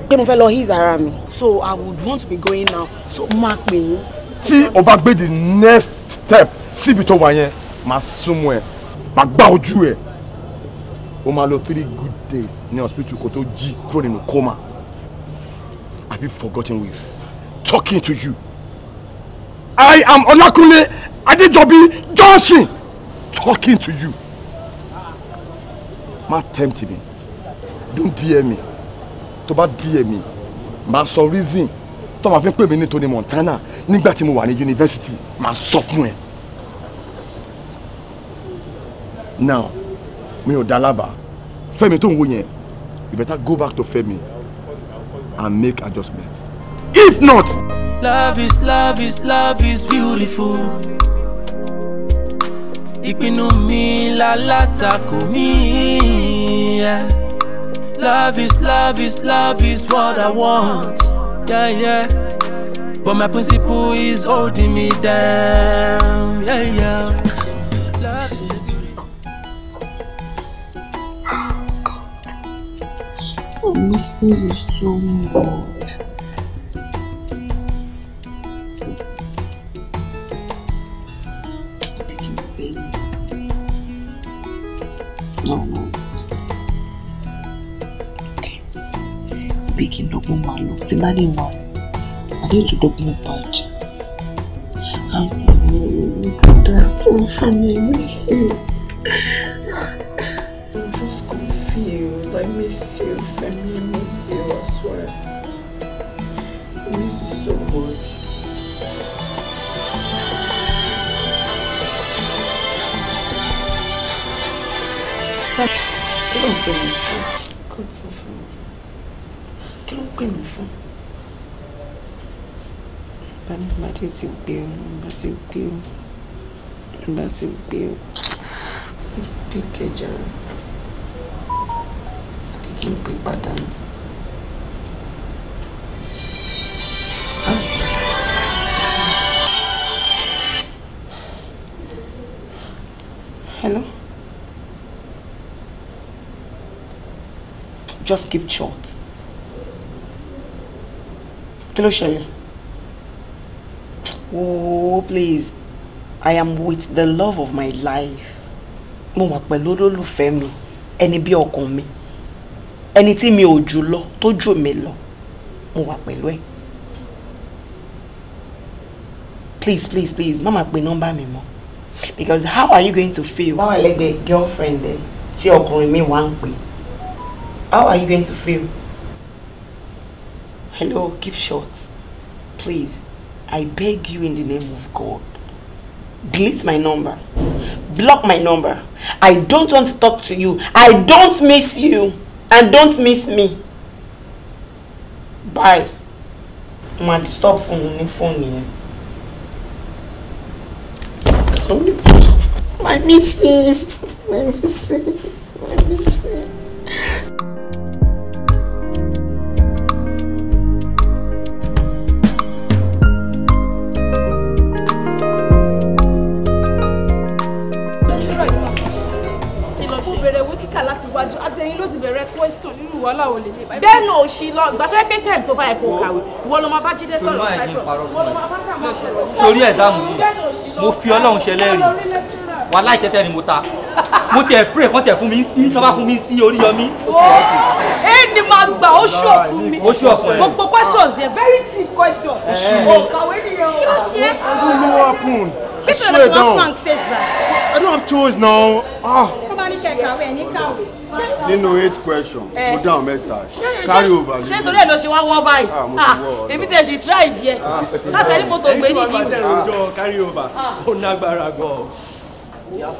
pé mo fẹ́ lọ his ara mi so i would want to be going now so máa pè yín. tí o bá gbé the next step síbi tó wà yẹn máa súnmọ́ ẹ máa gbá ojú ẹ o máa lò three good days ní hospital kó tó jí kúrò nínú coma have you forgotten ways talking to you i am Olakunle Adejobi Johnson talking to you ma tempt me don't dare me tó bá di èmi màá sọ reason tó máa fi pè mí ní Montana nígbà tí mo wà ní yunifásitì màá sọ fún ẹ. now mi ò dá lábàá Fẹ́mi tó ń wo yẹn you better go back to Fẹ́mi and make adjustments if not. love is love is love is beautiful ìpinnu mi lálátakò mi. Yeah. Love is, love is, love is what I want. Yeah, yeah. But my principle is holding me down. Yeah, yeah. Love is I miss you so much. tí bá lè wà àdé ìtòdógún ìbàjẹ́ àwọn ìdúdà tí ń fún mi ní sí i. I'm just confused. I miss you, Femi. I miss you, I swear. I miss you so much. Femi, you bá ti ti gbé o bá ti gbé o bá ti gbé o bí kẹjọ àbí kí n pè padà nù. Hello? Just keep short. Kí ló ṣẹlẹ̀? Please, I am with the love of my life mo wà pẹ̀lú olólùfẹ́ mi ẹni bí ọkàn mi ẹni tí mi ò jù lọ tó jù mí lọ mo wà pẹ̀lú ẹ̀ please please please má máa pe nọ́mbà mi mọ́ because how are you going to feel báwa lẹ́gbẹ̀ẹ́ girlfriend ẹ̀ tí ọkùnrin mi wá ń pè how are you going to feel hello keep short please. I beg you in the name of God, delete my number, block my number. I don't want to talk to you. I don't miss you, and don't miss me. Bye. Ma disturb phone ní phone here. I miss him. I miss him. I miss him. ìwọ ọlọ́wọ́ lè lè. bẹ́ẹ̀ náà ò sí lọ gbàtọ́ pé tẹ̀m tó bá ẹ̀kọ́ kàwé ìwọ ló máa bá jíde sọ̀rọ̀ sórí ẹ̀sáàmù yìí mo fi ọlọ́run ṣẹlẹ́rìí wà láì tẹ́tẹ́ ni mo ta mo tiẹ̀ pray kán tiẹ̀ fún mi sí tán bá fún mi sí orí yọmí. ẹ ní máa gbà ó ṣù ọ̀fun mi gbogbo questions yẹn very cheap questions òkàwé nìyẹn o. kí ló ṣe é. ọdún ló wà fún un. kí ló ṣe é dán. I don't have choice now. Ah. tó bá ní kẹ̀kẹ́ àwẹ̀ ní káwé nínú eight questions. Eh. mo dáhùn mẹ́ta carry over mi. ṣé torí ẹ̀ ló ṣe wá wọ́ báyìí ah, ah, èmi tẹ̀ ṣì try jẹ láti ẹni mo tó gbé ní ìdí. ẹ̀sìn ọjọ́ carry over ah. ó nágbára gan-an. yeah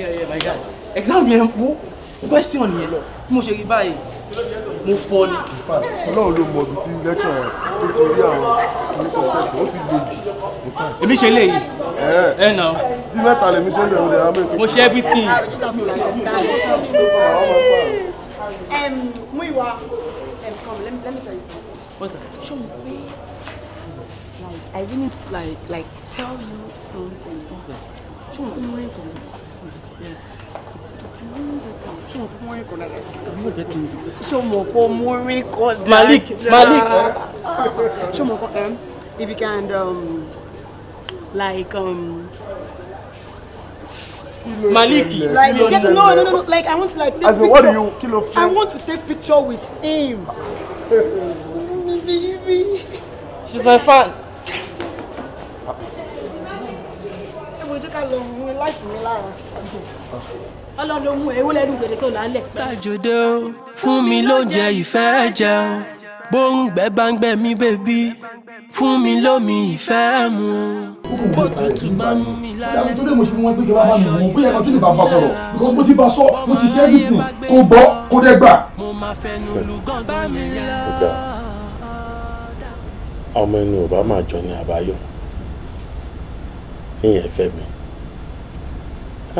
yeah yeah my guy exam yẹn wo question yẹn lọ mo ṣe rí báyìí mo fọ ni. ọlọ́run ló mọ ibi tí lẹ́tọ̀ ẹ̀ tó ti rí àwọn oníkó sẹ́ẹ̀tì ó ti le jù. èmi ṣe léyìí. ẹ eh. eh, nà. bí mẹ́ta lèmi ṣe ń bẹ̀rù rẹ̀ àmì ètò. mo ṣe everything. mú ìwà come let me tell you something. what's that. show me pé like I really need to like like tell you something. show me pé mo rí nǹkan. I'm more for this. Shomoko Muriko Malik Malik. Shomoko M. If you can um like um Maliki. Like no, no, no, no. Like I want to like take As picture. What do you kilo I want to take picture with him. Baby. *laughs* She's my fan. We ah. wo jẹ́ long life òun láìpẹ́ mi ọlọ́run ló mú ẹ ewu lẹ́nu gbèrè tó lálẹ́. tajòde o fún mi ló jẹ ìfẹ́ jẹ o gbóǹgbẹ bá ń gbẹ mí bèbí fún mi lómi ìfẹ́ mu bó tutù bá mú mi lálẹ́. ìyá mi mo ṣe fún wọn pé ìjọba bá mú kó yẹ kan bá bá sọ̀rọ̀ because mo ti bá sọ mo ti ṣe everything kó gbọ́ kó dẹ́ gbà. mo máa fẹnu lùgán bá mi lọ. ọmọ ẹni ò bá máa jọ ní àbáyọ ìyẹn fẹ́ mi.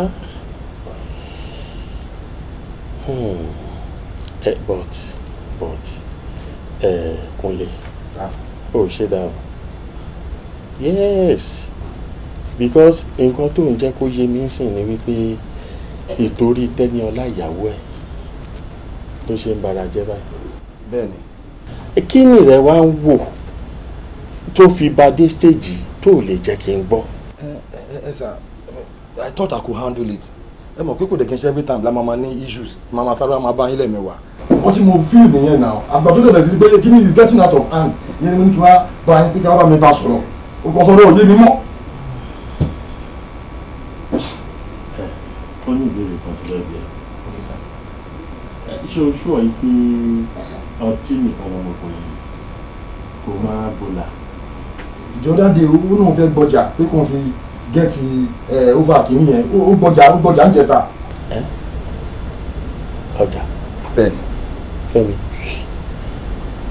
Ah. Hmm. Eh, but but eh, Kúnlé o oh, ṣe dá yes because nǹkan tó ń jẹ́ kó yé mi sìn ni wípé ìtorí tẹ́ni ọlá ìyàwó ẹ̀ tó ṣe ń bara jẹ́ báyìí. bẹ́ẹ̀ni. Eh, kí ni rẹ wá ń wò tó fi ba dé stage tó lè jẹ́ kí n gbọ́. ẹ ẹ sà I thought I could handle it ẹ mọ̀ pé kò dẹ̀ kí n ṣe every time la máa ma ní issues máa ma sáré máa bá yín lẹ́mẹ̀wàá. wọ́n ti mo feel nìyẹn náà àgbà tó dẹ̀bẹ̀ sí pé kí ni is getting out of hand yẹn ni mo ní kí wọ́n bá yín kí wọ́n bá mi bá sọ̀rọ̀ ọ̀tọ̀ rẹ̀ ò yé mi mọ́. ó ní ìbéèrè kan tó lẹ́bi ẹ̀ ṣé o ṣú yìí pé ọtí nìkan ọmọkùnrin kò máa bọ̀là. ìjọba de owó náà fẹ́ gbọ́jà pé kò fi gẹ́ẹ̀tì eh, over kìíní yẹn ó gbọ́jà ó gbọ́jà ń jẹta. ọjà bẹ́ẹ̀ni Fẹ́mi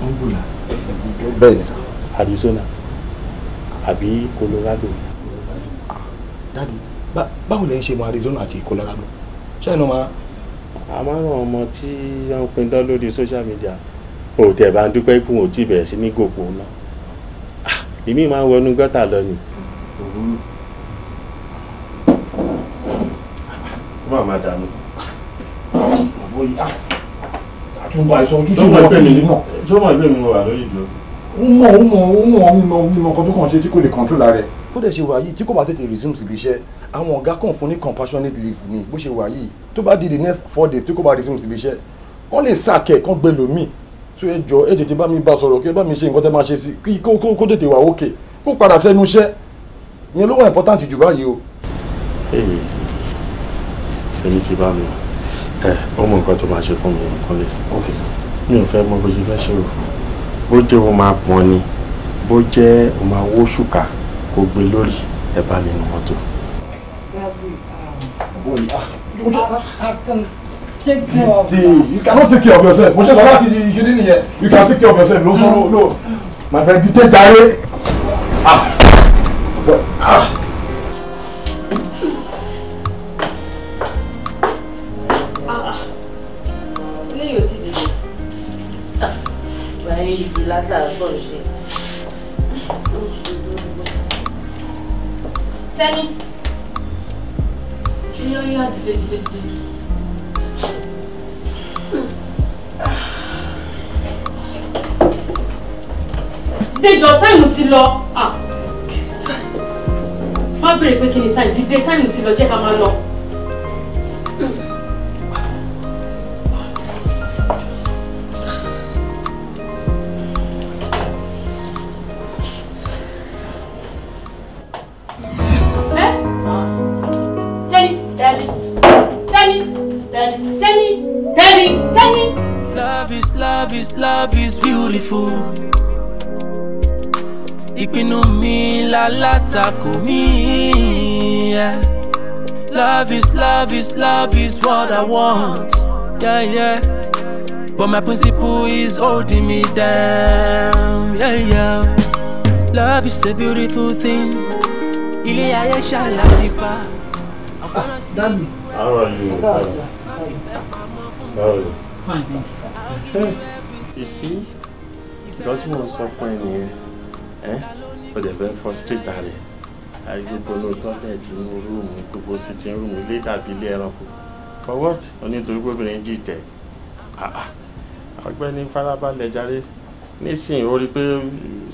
angola bẹ́ẹ̀ni Arizona àbí Colorado. dadi báwo lẹ ń ṣe mọ Arizona àti Colorado ṣé ẹ náà máa. a máa ń ràn ọmọ tí wọn pin tán lórí social media òtẹ̀ bá ń dúpẹ́ kí wọn ò tí ì bẹ̀rẹ̀ sí ní gòkó náà èmi ah, máa ń wọnú gọ́tà lọ ni. má má dànù. àbọ̀ yìí á ah, àtúbà ìsọ ojú tí wọ́n tẹ̀lé mọ̀. tó mọ̀ ẹgbẹ́ mi wà lórí ìjọ. ó mọ̀ ó mọ̀ ó mọ̀ mímọ̀ mímọ̀ kan tó kàn ṣe tí kò lè control ara rẹ̀. bó dẹ̀ ṣe wà yìí tí kò bá tètè resume síbi iṣẹ́ àwọn ọ̀gá kan fún ní compassionate leave ni bó ṣe wà yìí tó bá di the next four days tí kò bá resume síbi iṣẹ́ wọ́n lè sàkẹ́ kan gbẹ lòmíì tó ẹ jọ ẹ tètè bá mi bá sọ̀rọ̀ kí ẹ bá mi ṣe nǹkan tẹ́ máa ṣe sí kí kó tètè wà ókè kó padà sẹ́nu iṣẹ́ ìyẹn ló wà important jù báyìí o ẹni ti bá mi ẹ ó mọ nǹkan tó máa ṣe fún mi nǹkan lè mi ò fẹ́ mọ bó ṣe fẹ́ ṣe o bó jẹ́ o máa pọn ni bó jẹ́ o máa wó ṣùkà kó gbé lórí ẹ bá mi nu mọ́tò. My friend, dìde jàre. Ah. Ah. látàgbọ̀ ṣe. tẹ́ni ní ó yá dìde dìde dìde. dídéjọ táìmù ti lọ. Ah, béèrè pé kí ni táìmù dídé táìmù ti lọ jẹ́ ká máa lọ. love is beautiful. Ìpinnu mi lálátakò mi. Yeah. Love is love is love is what I want. Yeah, yeah. But my principle is holding me down. Yeah, yeah. Love is a beautiful thing. Ilé ayé ṣàlàyé bá. Ah, Dami. How you? How are you? Fine, thank you, sir. Hey you see ìgbọ́n tí mò ń sọ fún ẹ nìyẹn ẹ o I go fọ street rẹ̀ gbogbo inú tọ́lẹ̀tì go rúùmù gbogbo sitting room later. dàbí ilé ẹranko for what to go onítorí gbóbìnrin jì tẹ̀ ah, ah. ọgbẹ́ni farabalẹ̀ jàre nísìnyí o rí pé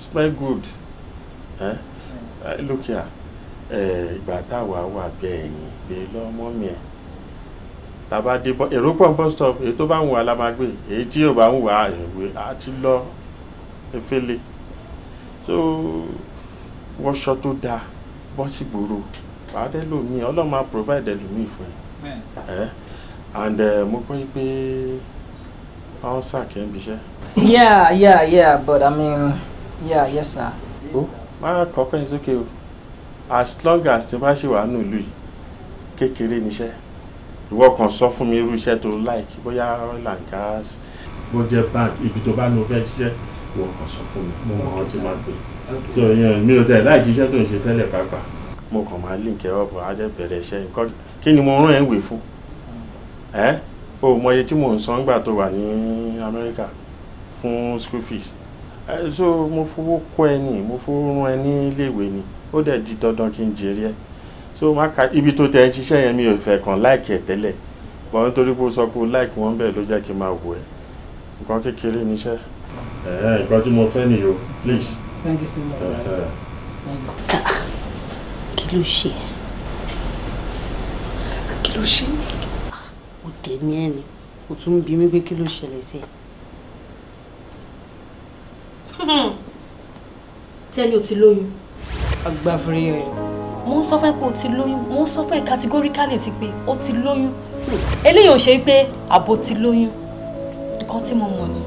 smell good ẹ look here ìgbà táwa wà bẹ́ẹ̀ Be pé lọ́mọ́ mi tàbá dé èrò pọ̀ bus stop èyí tó bá ń wà la èyí tí yóò bá ń wà èwe àti lọ efele so wọṣọ tó dáa bọ́ sí gbòòrò wàá dé ọlọ́run máa provide ẹlòmíì fún ẹ and eh, mo gbọ́ pé àwọn sáà kì í bíṣẹ́. yeah yeah yeah but i mean yeah yes sir. ó oh, máa kọ́kọ́ yín sókè o as long as tí bá ṣe wà nù lùi kékeré níṣẹ́ ìwọ kan sọ fún mi irú iṣẹ́ tó like bóyá oil and gas bó jẹ́ bank ibi tó bá ní o fẹ́ ṣiṣẹ́ ìwọ kan sọ fún mi mo mọ ọ ti máa gbé so ìyẹn mi ò tẹ̀ láì jíṣẹ́ tó ń ṣe tẹ́lẹ̀ pàápàá mo kàn máa link ẹ ọ̀bọ̀ á jẹ́ bẹ̀rẹ̀ iṣẹ́ nǹkan kí ni mo rán ẹ̀ ń wè fún ẹ́ o mọye tí mò ń san nígbà tó wà ní Amẹ́ríkà fún school fees ẹ so mo fowó kọ́ ẹ ní mo fowó rán ẹ ní iléèwé ni ó dẹ̀ di dandan kí n jèrè ẹ so má ka ibi tó tẹ ẹ ṣiṣẹ́ yẹn mi ò fẹ́ kàn láìkì ẹ̀ tẹ́lẹ̀ bọ́n nítorí pé ó sọ pé láìkì wọn bẹ́ẹ̀ ló jẹ́ kí n máa wò ẹ́ nǹkan kékeré níṣẹ́ ẹ̀ẹ́ nǹkan tí mo fẹ́ nìyí please. thank you so much. Ah, kí ló ṣe kí ló ṣe ní. Ah, o dẹ̀ ní ẹ̀ ni o tún ń bi mí pé kí ló ṣẹlẹ̀ sí ẹ. Hmm. tẹ́lẹ̀ o ti lóyún. agbáfúrí rẹ̀ mo ń sọ fẹ́ pé o ti lóyún mo ń sọ fẹ́ categorically ti pé o ti lóyún eléyìí ò ṣe pé àbò ti lóyún nǹkan tí mo mọ̀ ni.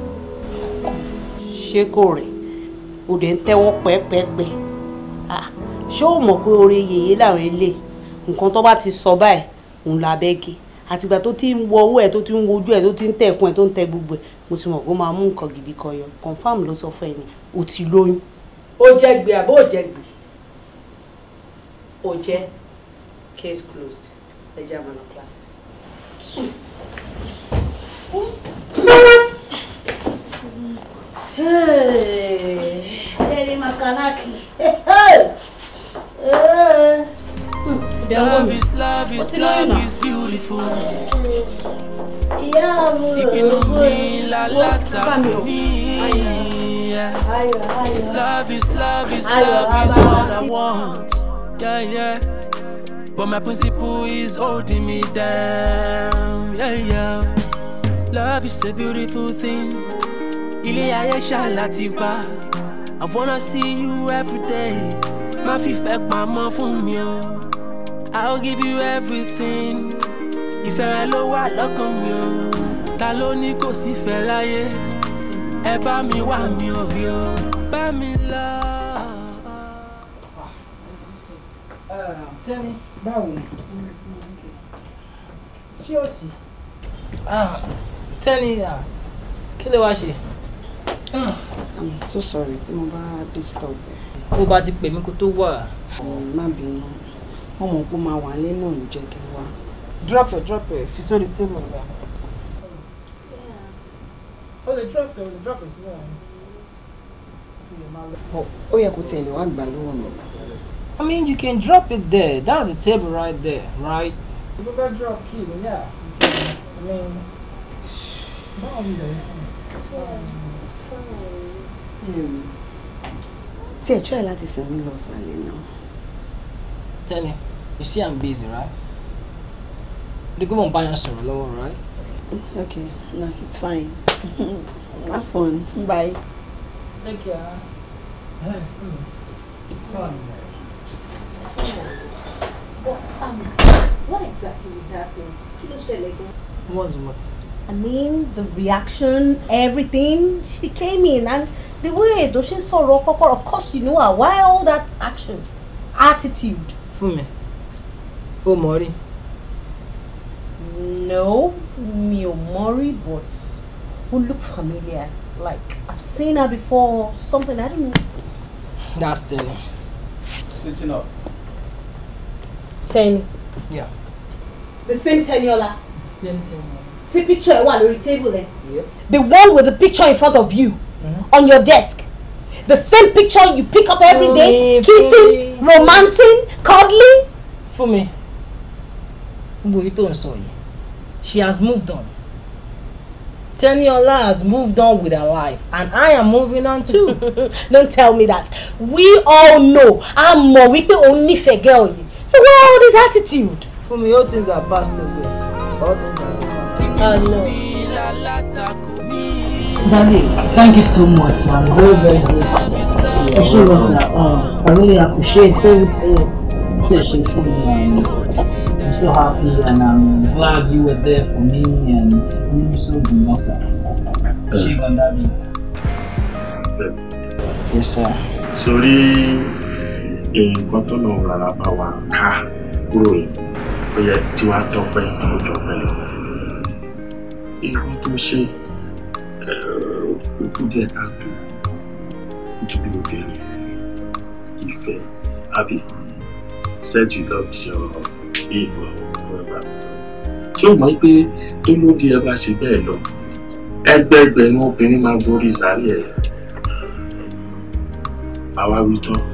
ṣé kò rẹ̀ o dẹ̀ ń tẹ́wọ́ pẹ́ẹ́pẹ́ẹ́pẹ́ ṣé o mọ̀ pé oore yèyé làwọn ilé nǹkan tó bá ti sọ báyìí òun la bẹ́ẹ̀gì àtìgbà tó ti ń wọ owó ẹ̀ tó ti ń wojú ẹ̀ tó ti ń tẹ̀ fún ẹ̀ tó ń tẹ gbogbo ẹ̀ mo ti mọ̀ pé ó máa mú nǹkan gidi kan yọ confam ló sọ fún ẹ ni o ti lóyún. ó jẹ́ gbé àbó ò jẹ́ gbé ó case closed ẹ jẹ́ àmọ́ lọ class. Tẹ́lẹ̀ Makanaki. Love is love is love is beautiful. Ìyá mi ò gbọ́dọ̀ bá mi ò. Love is love is love is all I want yeah, yeah. But my principle is holding me down, yeah, yeah. Love is a beautiful thing. Ilé ayé ṣàlàtì I wanna see you every day. Má fìfẹ́ pamọ́ fún mi o. I'll give you everything. Ìfẹ́ rẹ ló wà lọ́kàn mi o. Ta ló ní kò sífẹ́ láyé? Ẹ bá mi wà mí ò rí o. Bá mi. sẹ́ni báwo ni ṣé o sì. tẹ́ni kí lè wá ṣe. Ah. i'm so sorry tí mo bá disturb ẹ. bó bá ti pè mí kó tó wà. má bínú wọn mọ̀ pé máa wà lé náà ní jẹ́ kí n wá. drop ẹ drop ẹ fi sórí tébù rẹ. o lè drop ẹ o lè drop ẹ sílẹ̀. ó yẹ kó tẹ̀lé wá gbà lọ́wọ́ mi. I mean, you can drop it there. That's the table right there, right? You can drop key, yeah. I mean, tí ẹ try láti sìn mí lọ sàlẹ̀ Now, Tell me, you see I'm busy, right? Dikú mò ń buy us some lọ́wọ́, right? Okay, no, it's fine. *laughs* Have fun. Bye. Take care. Hey, come on. Um, what exactly is happening? Was what? I mean, the reaction, everything. She came in and the way though she saw Rokoko, of course you know her. Why all that action? Attitude. Fúnmi. Ó mọ̀ rí. No, mi Mori, but who look familiar. Like I've seen her before, something I don't know. That's telling. Sitting up sẹ́yìn. Yeah. the same Teniola. the same Teniola. See picture ẹ wà lórí table ẹ. Yep. the one with the picture in front of you mm-hmm. on your desk the same picture you pick up every day kissing romancing cuddling. Fumi gbogbo èyí tó ń sọ yìí she has moved on Teniola has moved on with her life and I am moving on too. *laughs* Don't tell me that. We all know. A mọ̀ wípé òun nífẹ̀ẹ́ girl yìí. So where all this attitude? For me, all things are passed away. All things are gone. Daddy, thank you so much. man. very, very grateful. Yeah. She was, uh, uh, I really appreciate everything that she for me. I'm so happy and I'm glad you were there for me and you so good, sir. She and Daddy. Yes, sir. Sorry nǹkan tó náà rárá bá wa ká kúrò yìí ó yẹ tí wàá tọpẹ́ tó jọ pẹ̀lú nǹkan tó ṣe ó kú díẹ̀ káàtó nítorí obìnrin ìfẹ́ àbí said you loved your people whoever ṣé o mọ̀ pé tó lóde ẹ bá ṣe bẹ́ẹ̀ lọ ẹgbẹ́gbẹ̀rún obìnrin máa borí sáré ẹ̀ àwa wí tán.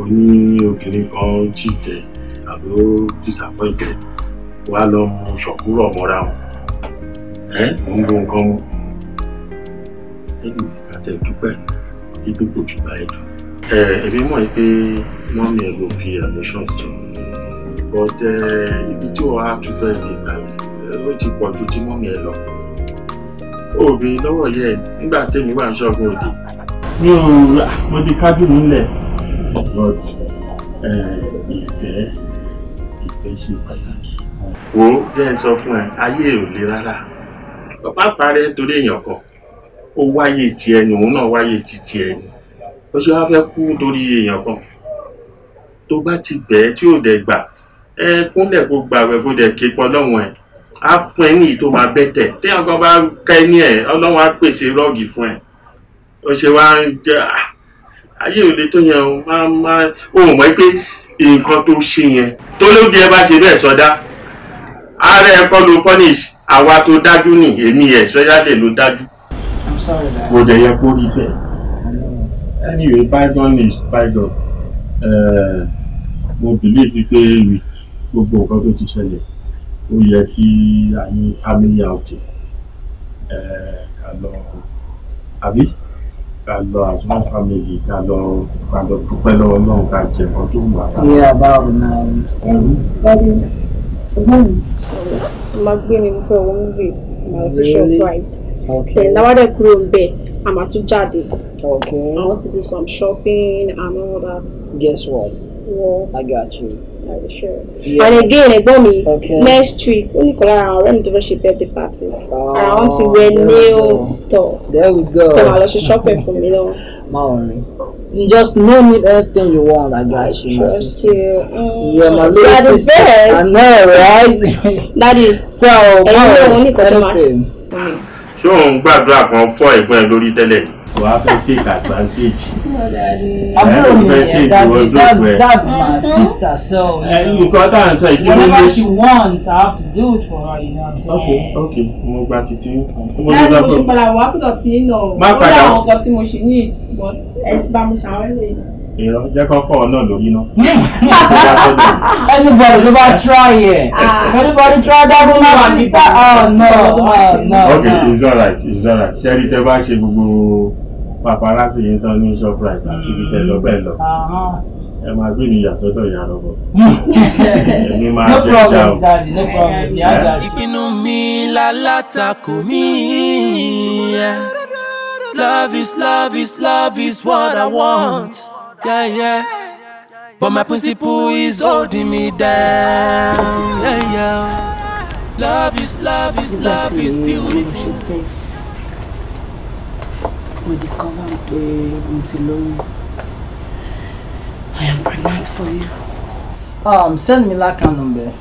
oní obìnrin kan chiste àbí ó disappointed lọ ṣọkúrọ wọn ẹ ń nǹkan mu ẹnu ìkàtẹ ibi kò jù ibi tí wọ́n á tún fẹ́ lè gbà yìí ó ti pọ̀ ju ti lọ. obìnrin lọ́wọ́ nígbà wà ń ṣọ́gun òde. mi ò ah, di kájú but eh, ìfẹ́ ìfẹ́ ṣe pàtàkì. wo jẹ́ ẹ sọ fún ẹ ayé ò le rárá ọ̀pá parẹ́ torí èèyàn kan ó wáyé ti ẹni òun náà wáyé ti ti ẹni ó ṣe wá fẹ́ kú torí èèyàn kan tó bá ti bẹ̀ẹ́ tí ò dẹ̀ gbà ẹ kúnlẹ̀ kó gbàwẹ̀ kó dẹ̀ ké lọ́wọ́n ẹ̀ á fún ẹ ní ìtò máa bẹ́tẹ̀ téèyàn kan bá ká ẹ ní ẹ ọlọ́run á pèsè rọ́ọ̀gì fún ẹ ó ṣe wá ń jẹ́ ah, ayé òde tó yẹn o máa máa o mọ̀ pé nǹkan tó ṣe yẹn tó ló jẹ́ bá ṣe bẹ́ẹ̀ sọdá ààrẹ ẹ̀kọ́ ló punish àwa tó dájú ni èmi especially ló dájú. kò dẹ̀ yẹ kó rí bẹ́ẹ̀ anyway bygone is bygone mo believe pé gbogbo nǹkan tó ti ṣẹlẹ̀ ó yẹ kí a ní family outing ká lọ àbí ká lọ àtúnmọ̀ fámìlì ká lọ ká lọ dúpẹ́ lọ́wọ́ náà ká jẹ ọ̀kan tó wà. yíyá báwo ni a rí. dájú ọgbọ́n mi. gbé ni fẹ́ wọ́n ń gbé màá sí shoprite. okay làwádẹ́ kúrò ń bẹ̀ tún jáde. I want to do some shopping and all that. guess what? Well, I got you and again ẹ̀gbọ́n mi next week ó nìkan lára àwọn ọ̀rẹ́ mi tó fẹ́ ṣe birthday party I want to wear nail store so màá lọ ṣe shopping fún mi lọ́wọ́. máa ń rìn you just know me everything you want i got you my sister you. Mm. you're my little you're sister i know right *laughs* daddy so mom anything. ṣé òun gbàdúrà kan fọ ẹ̀gbọ́n ẹ lórí tẹ́lẹ̀ ni wàá fẹ́ take advantage. àbúrò mi yẹn dàbí that's that's my sister so. nǹkan tá à ń sọ ìdí ló whatever she wants I have to do it for her you know what I'm saying. ok ok mo gba titi. láti mo ṣe padà wá sọ̀dọ̀ tí ń lọ ó dá àwọn nǹkan tí mo ṣe ní ìgbọ̀n ẹ̀ ṣe bá mi ṣàwẹ́lẹ̀ èrò jẹ́ kó fọ́ ọ náà lórí náà. *laughs* anybody ló bá try ẹ̀ ah. anybody try that one my sister oh no oh no. okay it's alright it's alright ṣé ẹni tẹ bá ṣe gbogbo paparazzi yìí tán ní shoprite àti ibi tẹ̀sán bẹ́ẹ̀ lọ ẹ máa gbé mi yàsọ́dọ̀ ìyá lọ́wọ́ èmi máa jẹ ìjà o. ìpinnu mi lálátakò mí love is love is love is what I want. Yeah, yeah. But my principle is holding me down. Yeah, yeah. Love is love is love is beautiful mo discover pé mo I am pregnant for you. Um, send me that kind number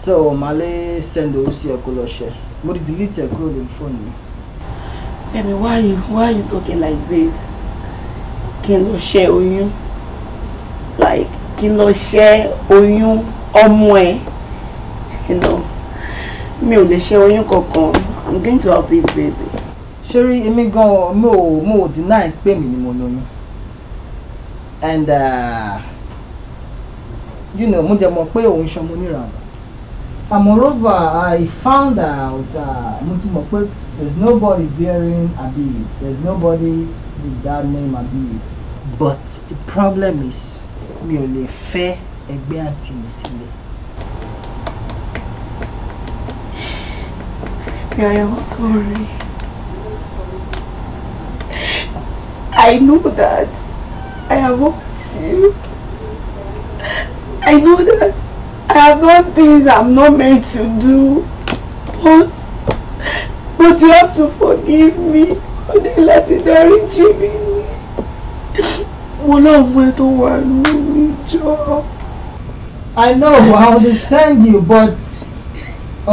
so male, lè send owó sí ẹ̀kọ́ lọ́sẹ̀ mo ti code ẹ̀kọ́ lórí fóònù mi. Fẹ́mi why you why are you talking like this kí n lọ like kí n lọ ṣe you know me ò lè ṣe oyún I'm going to have this baby ṣé rí èmi gan-an mo mo deny pé mi ni mo lóyún and uh, you know mo jẹ́ mọ̀ pé òun ṣan mo níranù and moreover I found out uh, mo ti mọ̀ pé there is nobody bearing Abi there is nobody with that name Abi but the problem is mi ò lè fẹ́ ẹgbẹ́ àǹtí mi sílẹ̀. Yeah, I am sorry. I know that I have hurt you. I know that I have done things I'm not meant to do. But, but you have to forgive me. Ó ní láti dáríjì mí ni. Mo náà mọ ẹ tó wà nínú mi I know, I understand you, but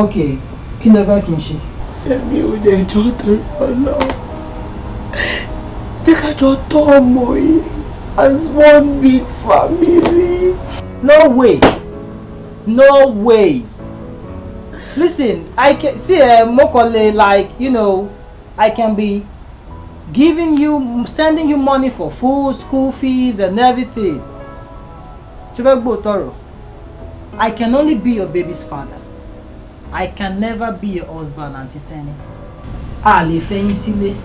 okay, kí ló bá kí n ṣe? Fẹ́mi ò dẹ̀ jọ́ jẹ́ ká jọ tọ́ ọmọ as one big family. no way no way listen i can see uh, eh, mokole like you know i can be giving you sending you money for food school fees and everything chibegbo toro i can only be your baby's father i can never be your husband auntie Tenny. Ali, lè fẹ́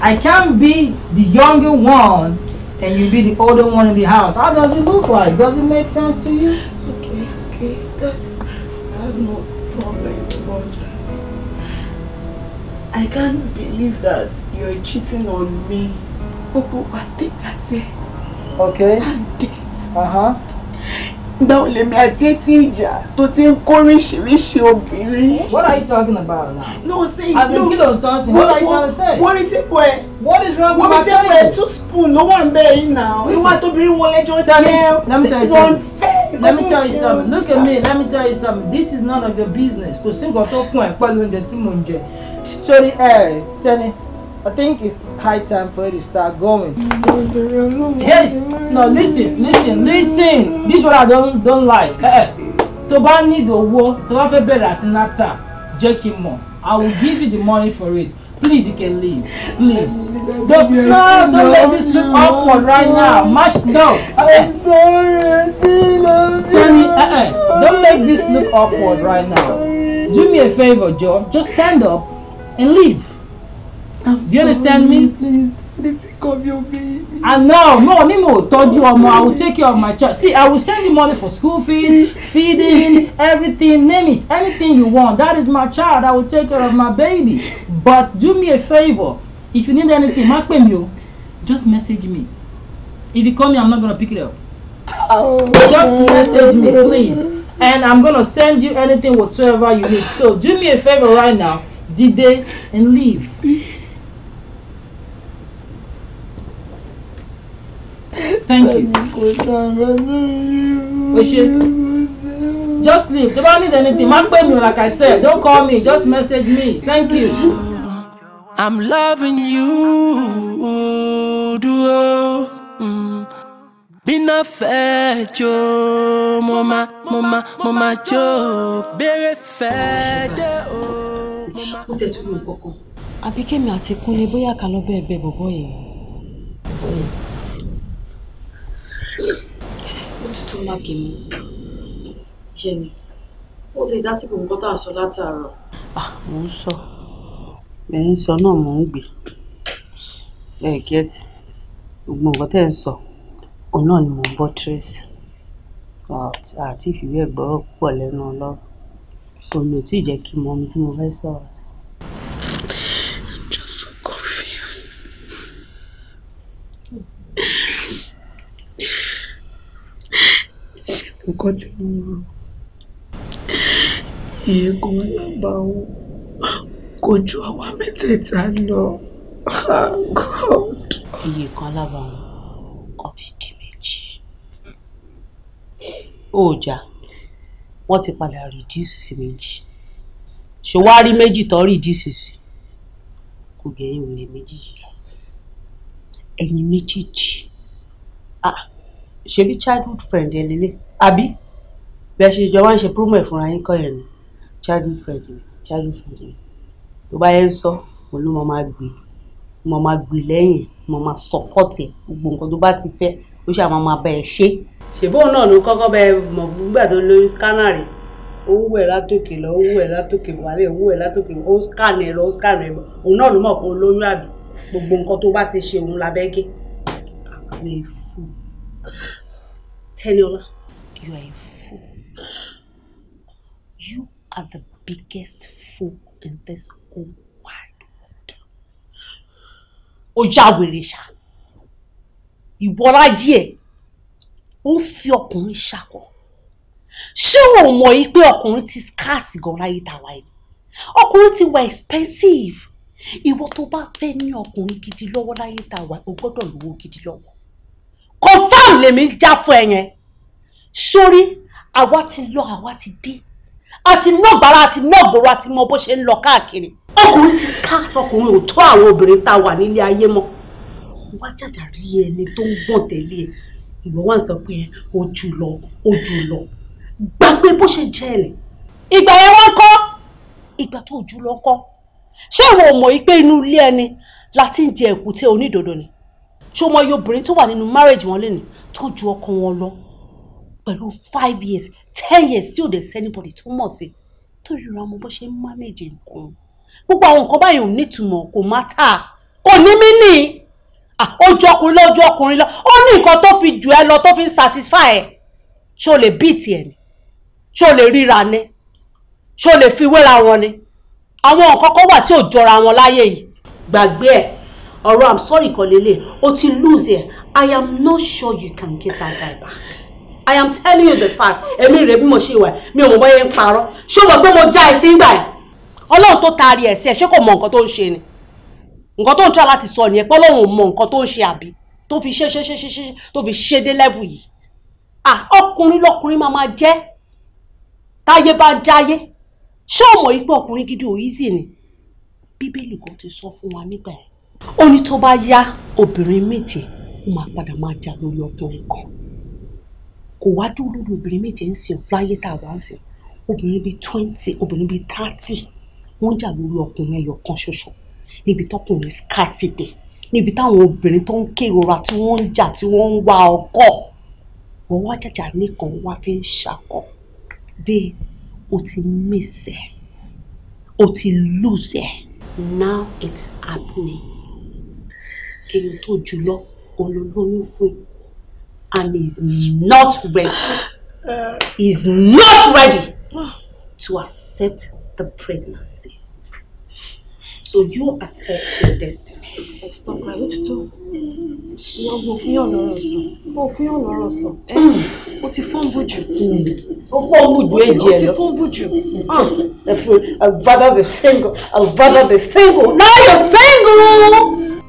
I can't be the younger one and you be the older one in the house. How does it look like? Does it make sense to you? Okay, okay, that's, that's no problem, but I can't believe that you're cheating on me. Gbogbo wa dé àti ẹ̀. Okay. Tá Uh-huh. Gbà ò lèmi àti etí ìjà tó ti ń kóríṣiríṣi obìnrin. What are you talking about now? No, say you. As in kí ló ń sọ sí? What are you trying to say? Wọ́n rí típò ẹ̀. What is wrong with my telling you? Wọ́n rí típò two spoon ló wà ń bẹ̀ yìí náà. Wíwá tóbi rí wọn lẹ́jọ́ jẹ́. Let me tell you something let me tell you something look at me let me tell you something this is none of your business kò sí nǹkan tó kún ẹ pẹ̀lú oúnjẹ tí mò ń jẹ. sori ẹ eh, tẹni I think it's high time for you to start going. Yes. No, listen, listen, listen. This one I don't don't like. Eh, eh. tó bá need owó, tó bá fẹ́ bẹ̀rẹ̀ àti nata, jẹ́ kí n I will give you the money for it. Please, you can leave. Please. Don't, no, don't let me slip awkward right now. Match down. Eh, eh. I'm sorry. Tell me, uh -uh. don't make this look awkward right now. Do me a favor, Joe. Just stand up and leave. Do you understand me? Please, for the sake of your baby. I know, no, ni mo tọ́jú ọmọ, I will take care of my child. See, I will send you money for school fees, feeding, everything, name it, anything you want. That is my child. I will take care of my baby. But do me a favor. If you need anything, má pè mí o, just message me. If you call me, I'm not gonna pick it up. Oh. Just message me, please. And I'm gonna send you anything whatsoever you need. So do me a favor right now, dìde and leave. thank you. o ṣe just leave tó don't need anything má pè me. like I said don't call me just message me thank you. I'm loving you dúró mm. bínà fẹ́ jó mo ma mo ma mo ma jó béèrè fẹ́ dé o. ó tẹ̀ tún lò kọ̀ọ̀kan. àbí kémi àti kúnlé bóyá kà lọ bẹ́ẹ̀ bẹ́ẹ̀ bọ̀bọ̀ yìí. tún máàkì mi yẹnì ó ti dá sí kò nǹkan tá à ń sọ látàárọ̀. Ah, mò ń sọ bẹ́ẹ̀ ń sọ náà mò ń gbé ẹ gẹ́tì gbogbo nǹkan tẹ́ ẹ̀ ń sọ òun náà ni mò ń bọ́ tírèsì àti ìfìwé ẹ̀gbọ́rọ̀ púpọ̀ lẹ́nu ọlọ́run òun ò tí jẹ́ kí n mọ omi tí mo fẹ́ sọ̀rọ̀ nǹkan tí mo rò ẹ̀ẹ̀kan lábà ó kò ju àwa mẹ́tẹ̀ẹ̀ta lọ *laughs* God. iye kan lábà ó wọ́n ti di méjì òòjà wọ́n ti padà rìdíùsì sí méjì ṣòwárí méjì tó rìdíùsì sí kò gẹ̀yìn òun lè méjì yìí lọ ẹ̀yin méjèèjì ah ṣebí childhood friend ẹ lélẹ̀ àbí bẹ́ẹ̀ ṣe jọ wá ń ṣe promo ẹ̀ fúnra yín kọ́ yẹn ni childhood friend mi childhood friend mi tó bá yẹn ń sọ òun ló máa gbé mo máa gbé lẹ́yìn mo máa support ẹ̀ gbogbo nǹkan tó bá ti fẹ́ ó ṣe àwọn máa bá ẹ ṣe. ṣèbóun náà ló kọ́kọ́ bẹ mọ̀ nígbà tó lóyún scanner rẹ̀ owó ẹ̀ látòkè lọ owó ẹ̀ látòkè wálé owó ẹ̀ látòkè ó scan ẹ̀ lọ ó scan ẹ̀ òun náà ló mọ̀ pé olóyún àbí gbogbo nǹkan tó bá ti ṣe òun labẹ́ gé. àwọn èèfù Teniola. You are a fool. You are the biggest fool in this whole wide world. Oja já wèrè ṣá. Ìwọ́lá díẹ̀. Ó ń fi ọkùnrin o mọ̀ yí pé ọkùnrin ti scarce gan láyé tàwa yìí? Ọkùnrin ti wà expensive. Ìwọ tó bá fẹ́ ní ọkùnrin gidi lọ́wọ́ láyé tàwa, o gbọ́dọ̀ lówó gidi lọ́wọ́. Confirm haram lèmi já fún ẹ yẹn sórí àwa ti lọ àwa ti dé àti nọgbàrá àti nọgbòrò àti mọ bó ṣe ń lọ káàkiri ọkùnrin ti ká ọkùnrin ò tó àwọn obìnrin tá a wà nílé ayé mọ́ wá jàjà rí ẹni tó ń gbọ̀n tẹ́lẹ̀ ìwọ wá ń sọ pé ojú lọ ojú lọ gbàgbé bó ṣe jẹ́ ẹ̀ ìgbà yẹn wọ́n kọ́ ìgbà tó ojú lọ kọ́ ṣé ìwọ mọ̀ yìí pé inú ilé ẹni la ti ń jẹ èkúté onídòdó ni ṣé o mọ iye obìnrin tó wà nínú márèjì wọn lénìí tọ́jú ọkọ wọn lọ pẹ̀lú five years ten years tí ò dé anybody tó mọ̀ sí torí ra ọmọ bó ṣe ń manage nǹkan gbogbo àwọn nǹkan báyìí ò nítumọ̀ kò má tà kò ní mí nì ojú ọkùnrin lọ ojú ọkùnrin lọ ó ní nǹkan tó fi jù ẹ lọ tó fi ń satisfy ẹ ṣé o lè beat ẹ ni ṣé o lè ríra ni ṣé o lè fi wéra wọn ni àwọn nǹkan kan wà tí ò jọra wọn láyé yìí gbàgbé ẹ ọ̀rọ̀ i'm sorry kan lélẹ̀ o ti lose ẹ̀ I am not sure you can get that guy back. I am telling you the fact. Èmi rè bí mo ṣe wà mi ò mọ̀ bóyá ń parọ́. Ṣé o mọ̀ mo já ẹ sí ìgbà ẹ̀? Ọlọ́run tó taari ẹ̀ sí ẹ ṣé kò mọ nǹkan tó ń ṣe ni? Nǹkan tó ń tọ́ láti sọ nìyẹn pé Ọlọ́run ò mọ nǹkan tó ń ṣe àbí tó fi ṣe ṣe ṣe ṣe ṣe tó fi ṣe dé level yìí. À ọkùnrin lọkùnrin máa máa jẹ́ táyé bá jáyé. Ṣé o mọ̀ pé ọkùnrin gidi ò easy ni? Bíbélì kan ti sọ fún wa nígbà yẹn. Oni ní tó bá yá obìnrin ó máa padà máa jà lórí ọkùnrin kan kò wá dúró lórí obìnrin méje ń sìn láyé tá a wá ń sìn obìnrin bíi twenty obìnrin bíi thirty wọ́n jà lórí ọkùnrin ẹyọ kan ṣoṣo níbi tọkùnrin scarcity níbi táwọn obìnrin tó ń kérora tí wọ́n ń jà tí wọ́n ń wá ọkọ wọ́n wá jàjà nìkan wá fi ń ṣakọ bẹ́ẹ̀ o ti mísẹ̀ o ti lùsẹ̀ now it's happening èyí tó jùlọ olólóyún fún and he is not ready he is not ready to accept the pregnancy so you accept your destiny. ẹ stop my youth too ìwọ gbọ́ òfin ọlọ́rọ̀ sọ òfin ọlọ́rọ̀ sọ ẹ eh, o ti fọ́n bùjù. o fọ́n bùjù èyí ẹ lọ o ti fọ́n bùjù. Ah. I would rather be single I rather be single now you're single.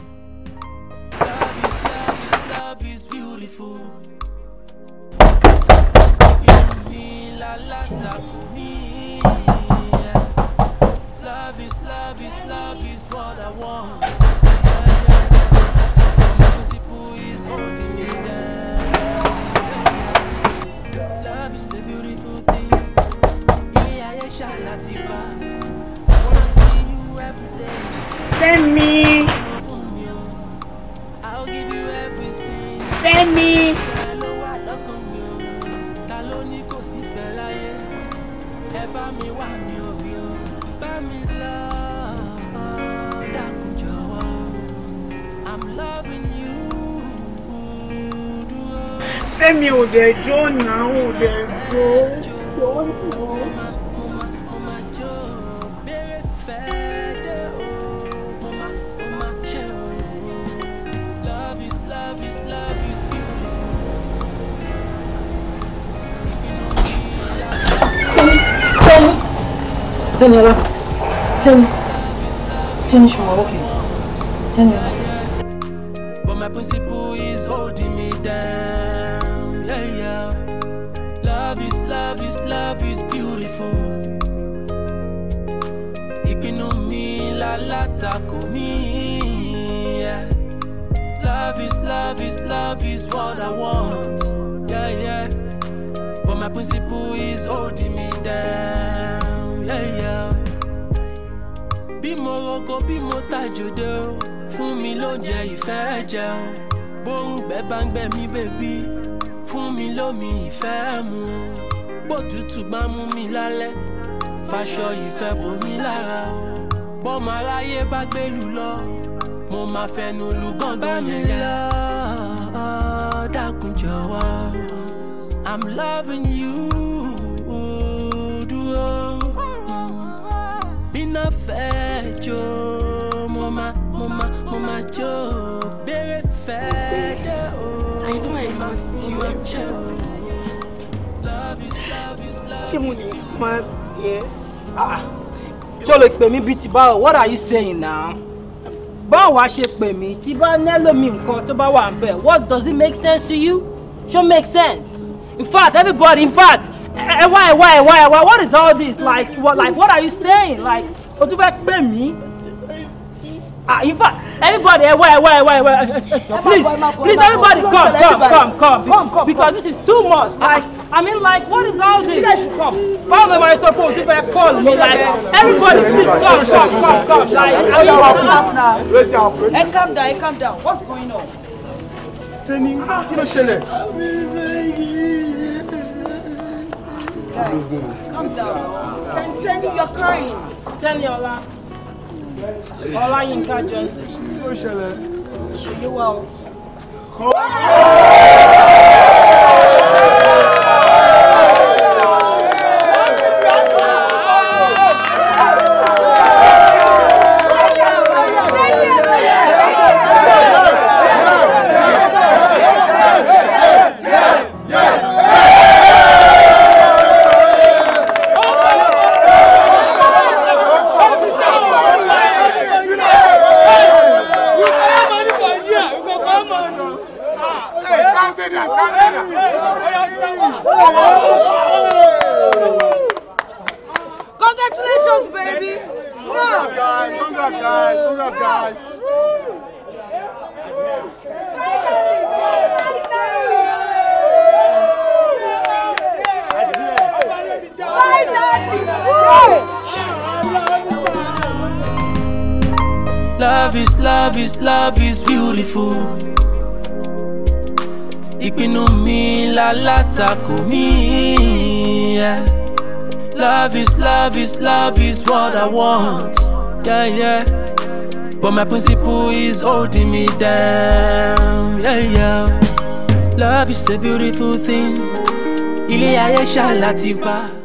Teniola. Ten. Ten, you are okay. Teniola. But my principle is holding me down. Yeah, yeah. Love is, love is, love is beautiful. Ìpinnu mi lálátakò mi. Yeah. Love is, love is, love is what I want. Yeah, yeah. But my principle is holding me down. bí mo tajòde o fún mi lóúnjẹ ìfẹ́ jẹ o bóun gbẹ bá ń gbẹ mí bèbí fún mi lómi ìfẹ́ mu o bó tútù bá mú mi lálẹ́ faṣọ ìfẹ́ bò mí lára o bọ́mọ aráyé bá gbélú lọ mo máa fẹnu lu gángan yẹn yẹn. bá mi lọ dákun jọ̀wọ́ I'm loving you. iná fẹ́ jó mo ma mo ma mo ma jó béèrè fẹ́ dé o mo ma mo ṣé mo lè máa yẹ. Ah, ṣé o lè pè mí bíi ti báwo what are you saying now báwo a ṣe pè mí tí bá mi nǹkan tó bá wà ń bẹ̀ what does it make sense to you sure make sense in fact everybody in fact ẹ wá ẹ wá ẹ wá ẹ wá what is all this like what like what are you saying like o tún fẹ́ pè mí. Ah, in fact, everybody, eh, where, where, where, where, please, please, everybody, come, come, come, come, come, come, because this is too much. I, I mean, like, what is all this? Come, how am I supposed to call me? Like, everybody, please, come, come, come, come. Like, are you happy? Hey, calm down, hey, calm down. What's going on? Tell me, kí ló ṣẹlẹ̀? down. calm down. Kenny, you're crying. Teniola. Ola Yinka Johnson. Ó ṣẹlẹ̀. Ṣèyí wà love is beautiful. Ìpinnu mi lálátakò mi. Love is love is love is what I want. Yeah, yeah. But my principle is holding me down. Yeah, yeah. Love is a beautiful thing. Ilé ayé ṣá láti bá.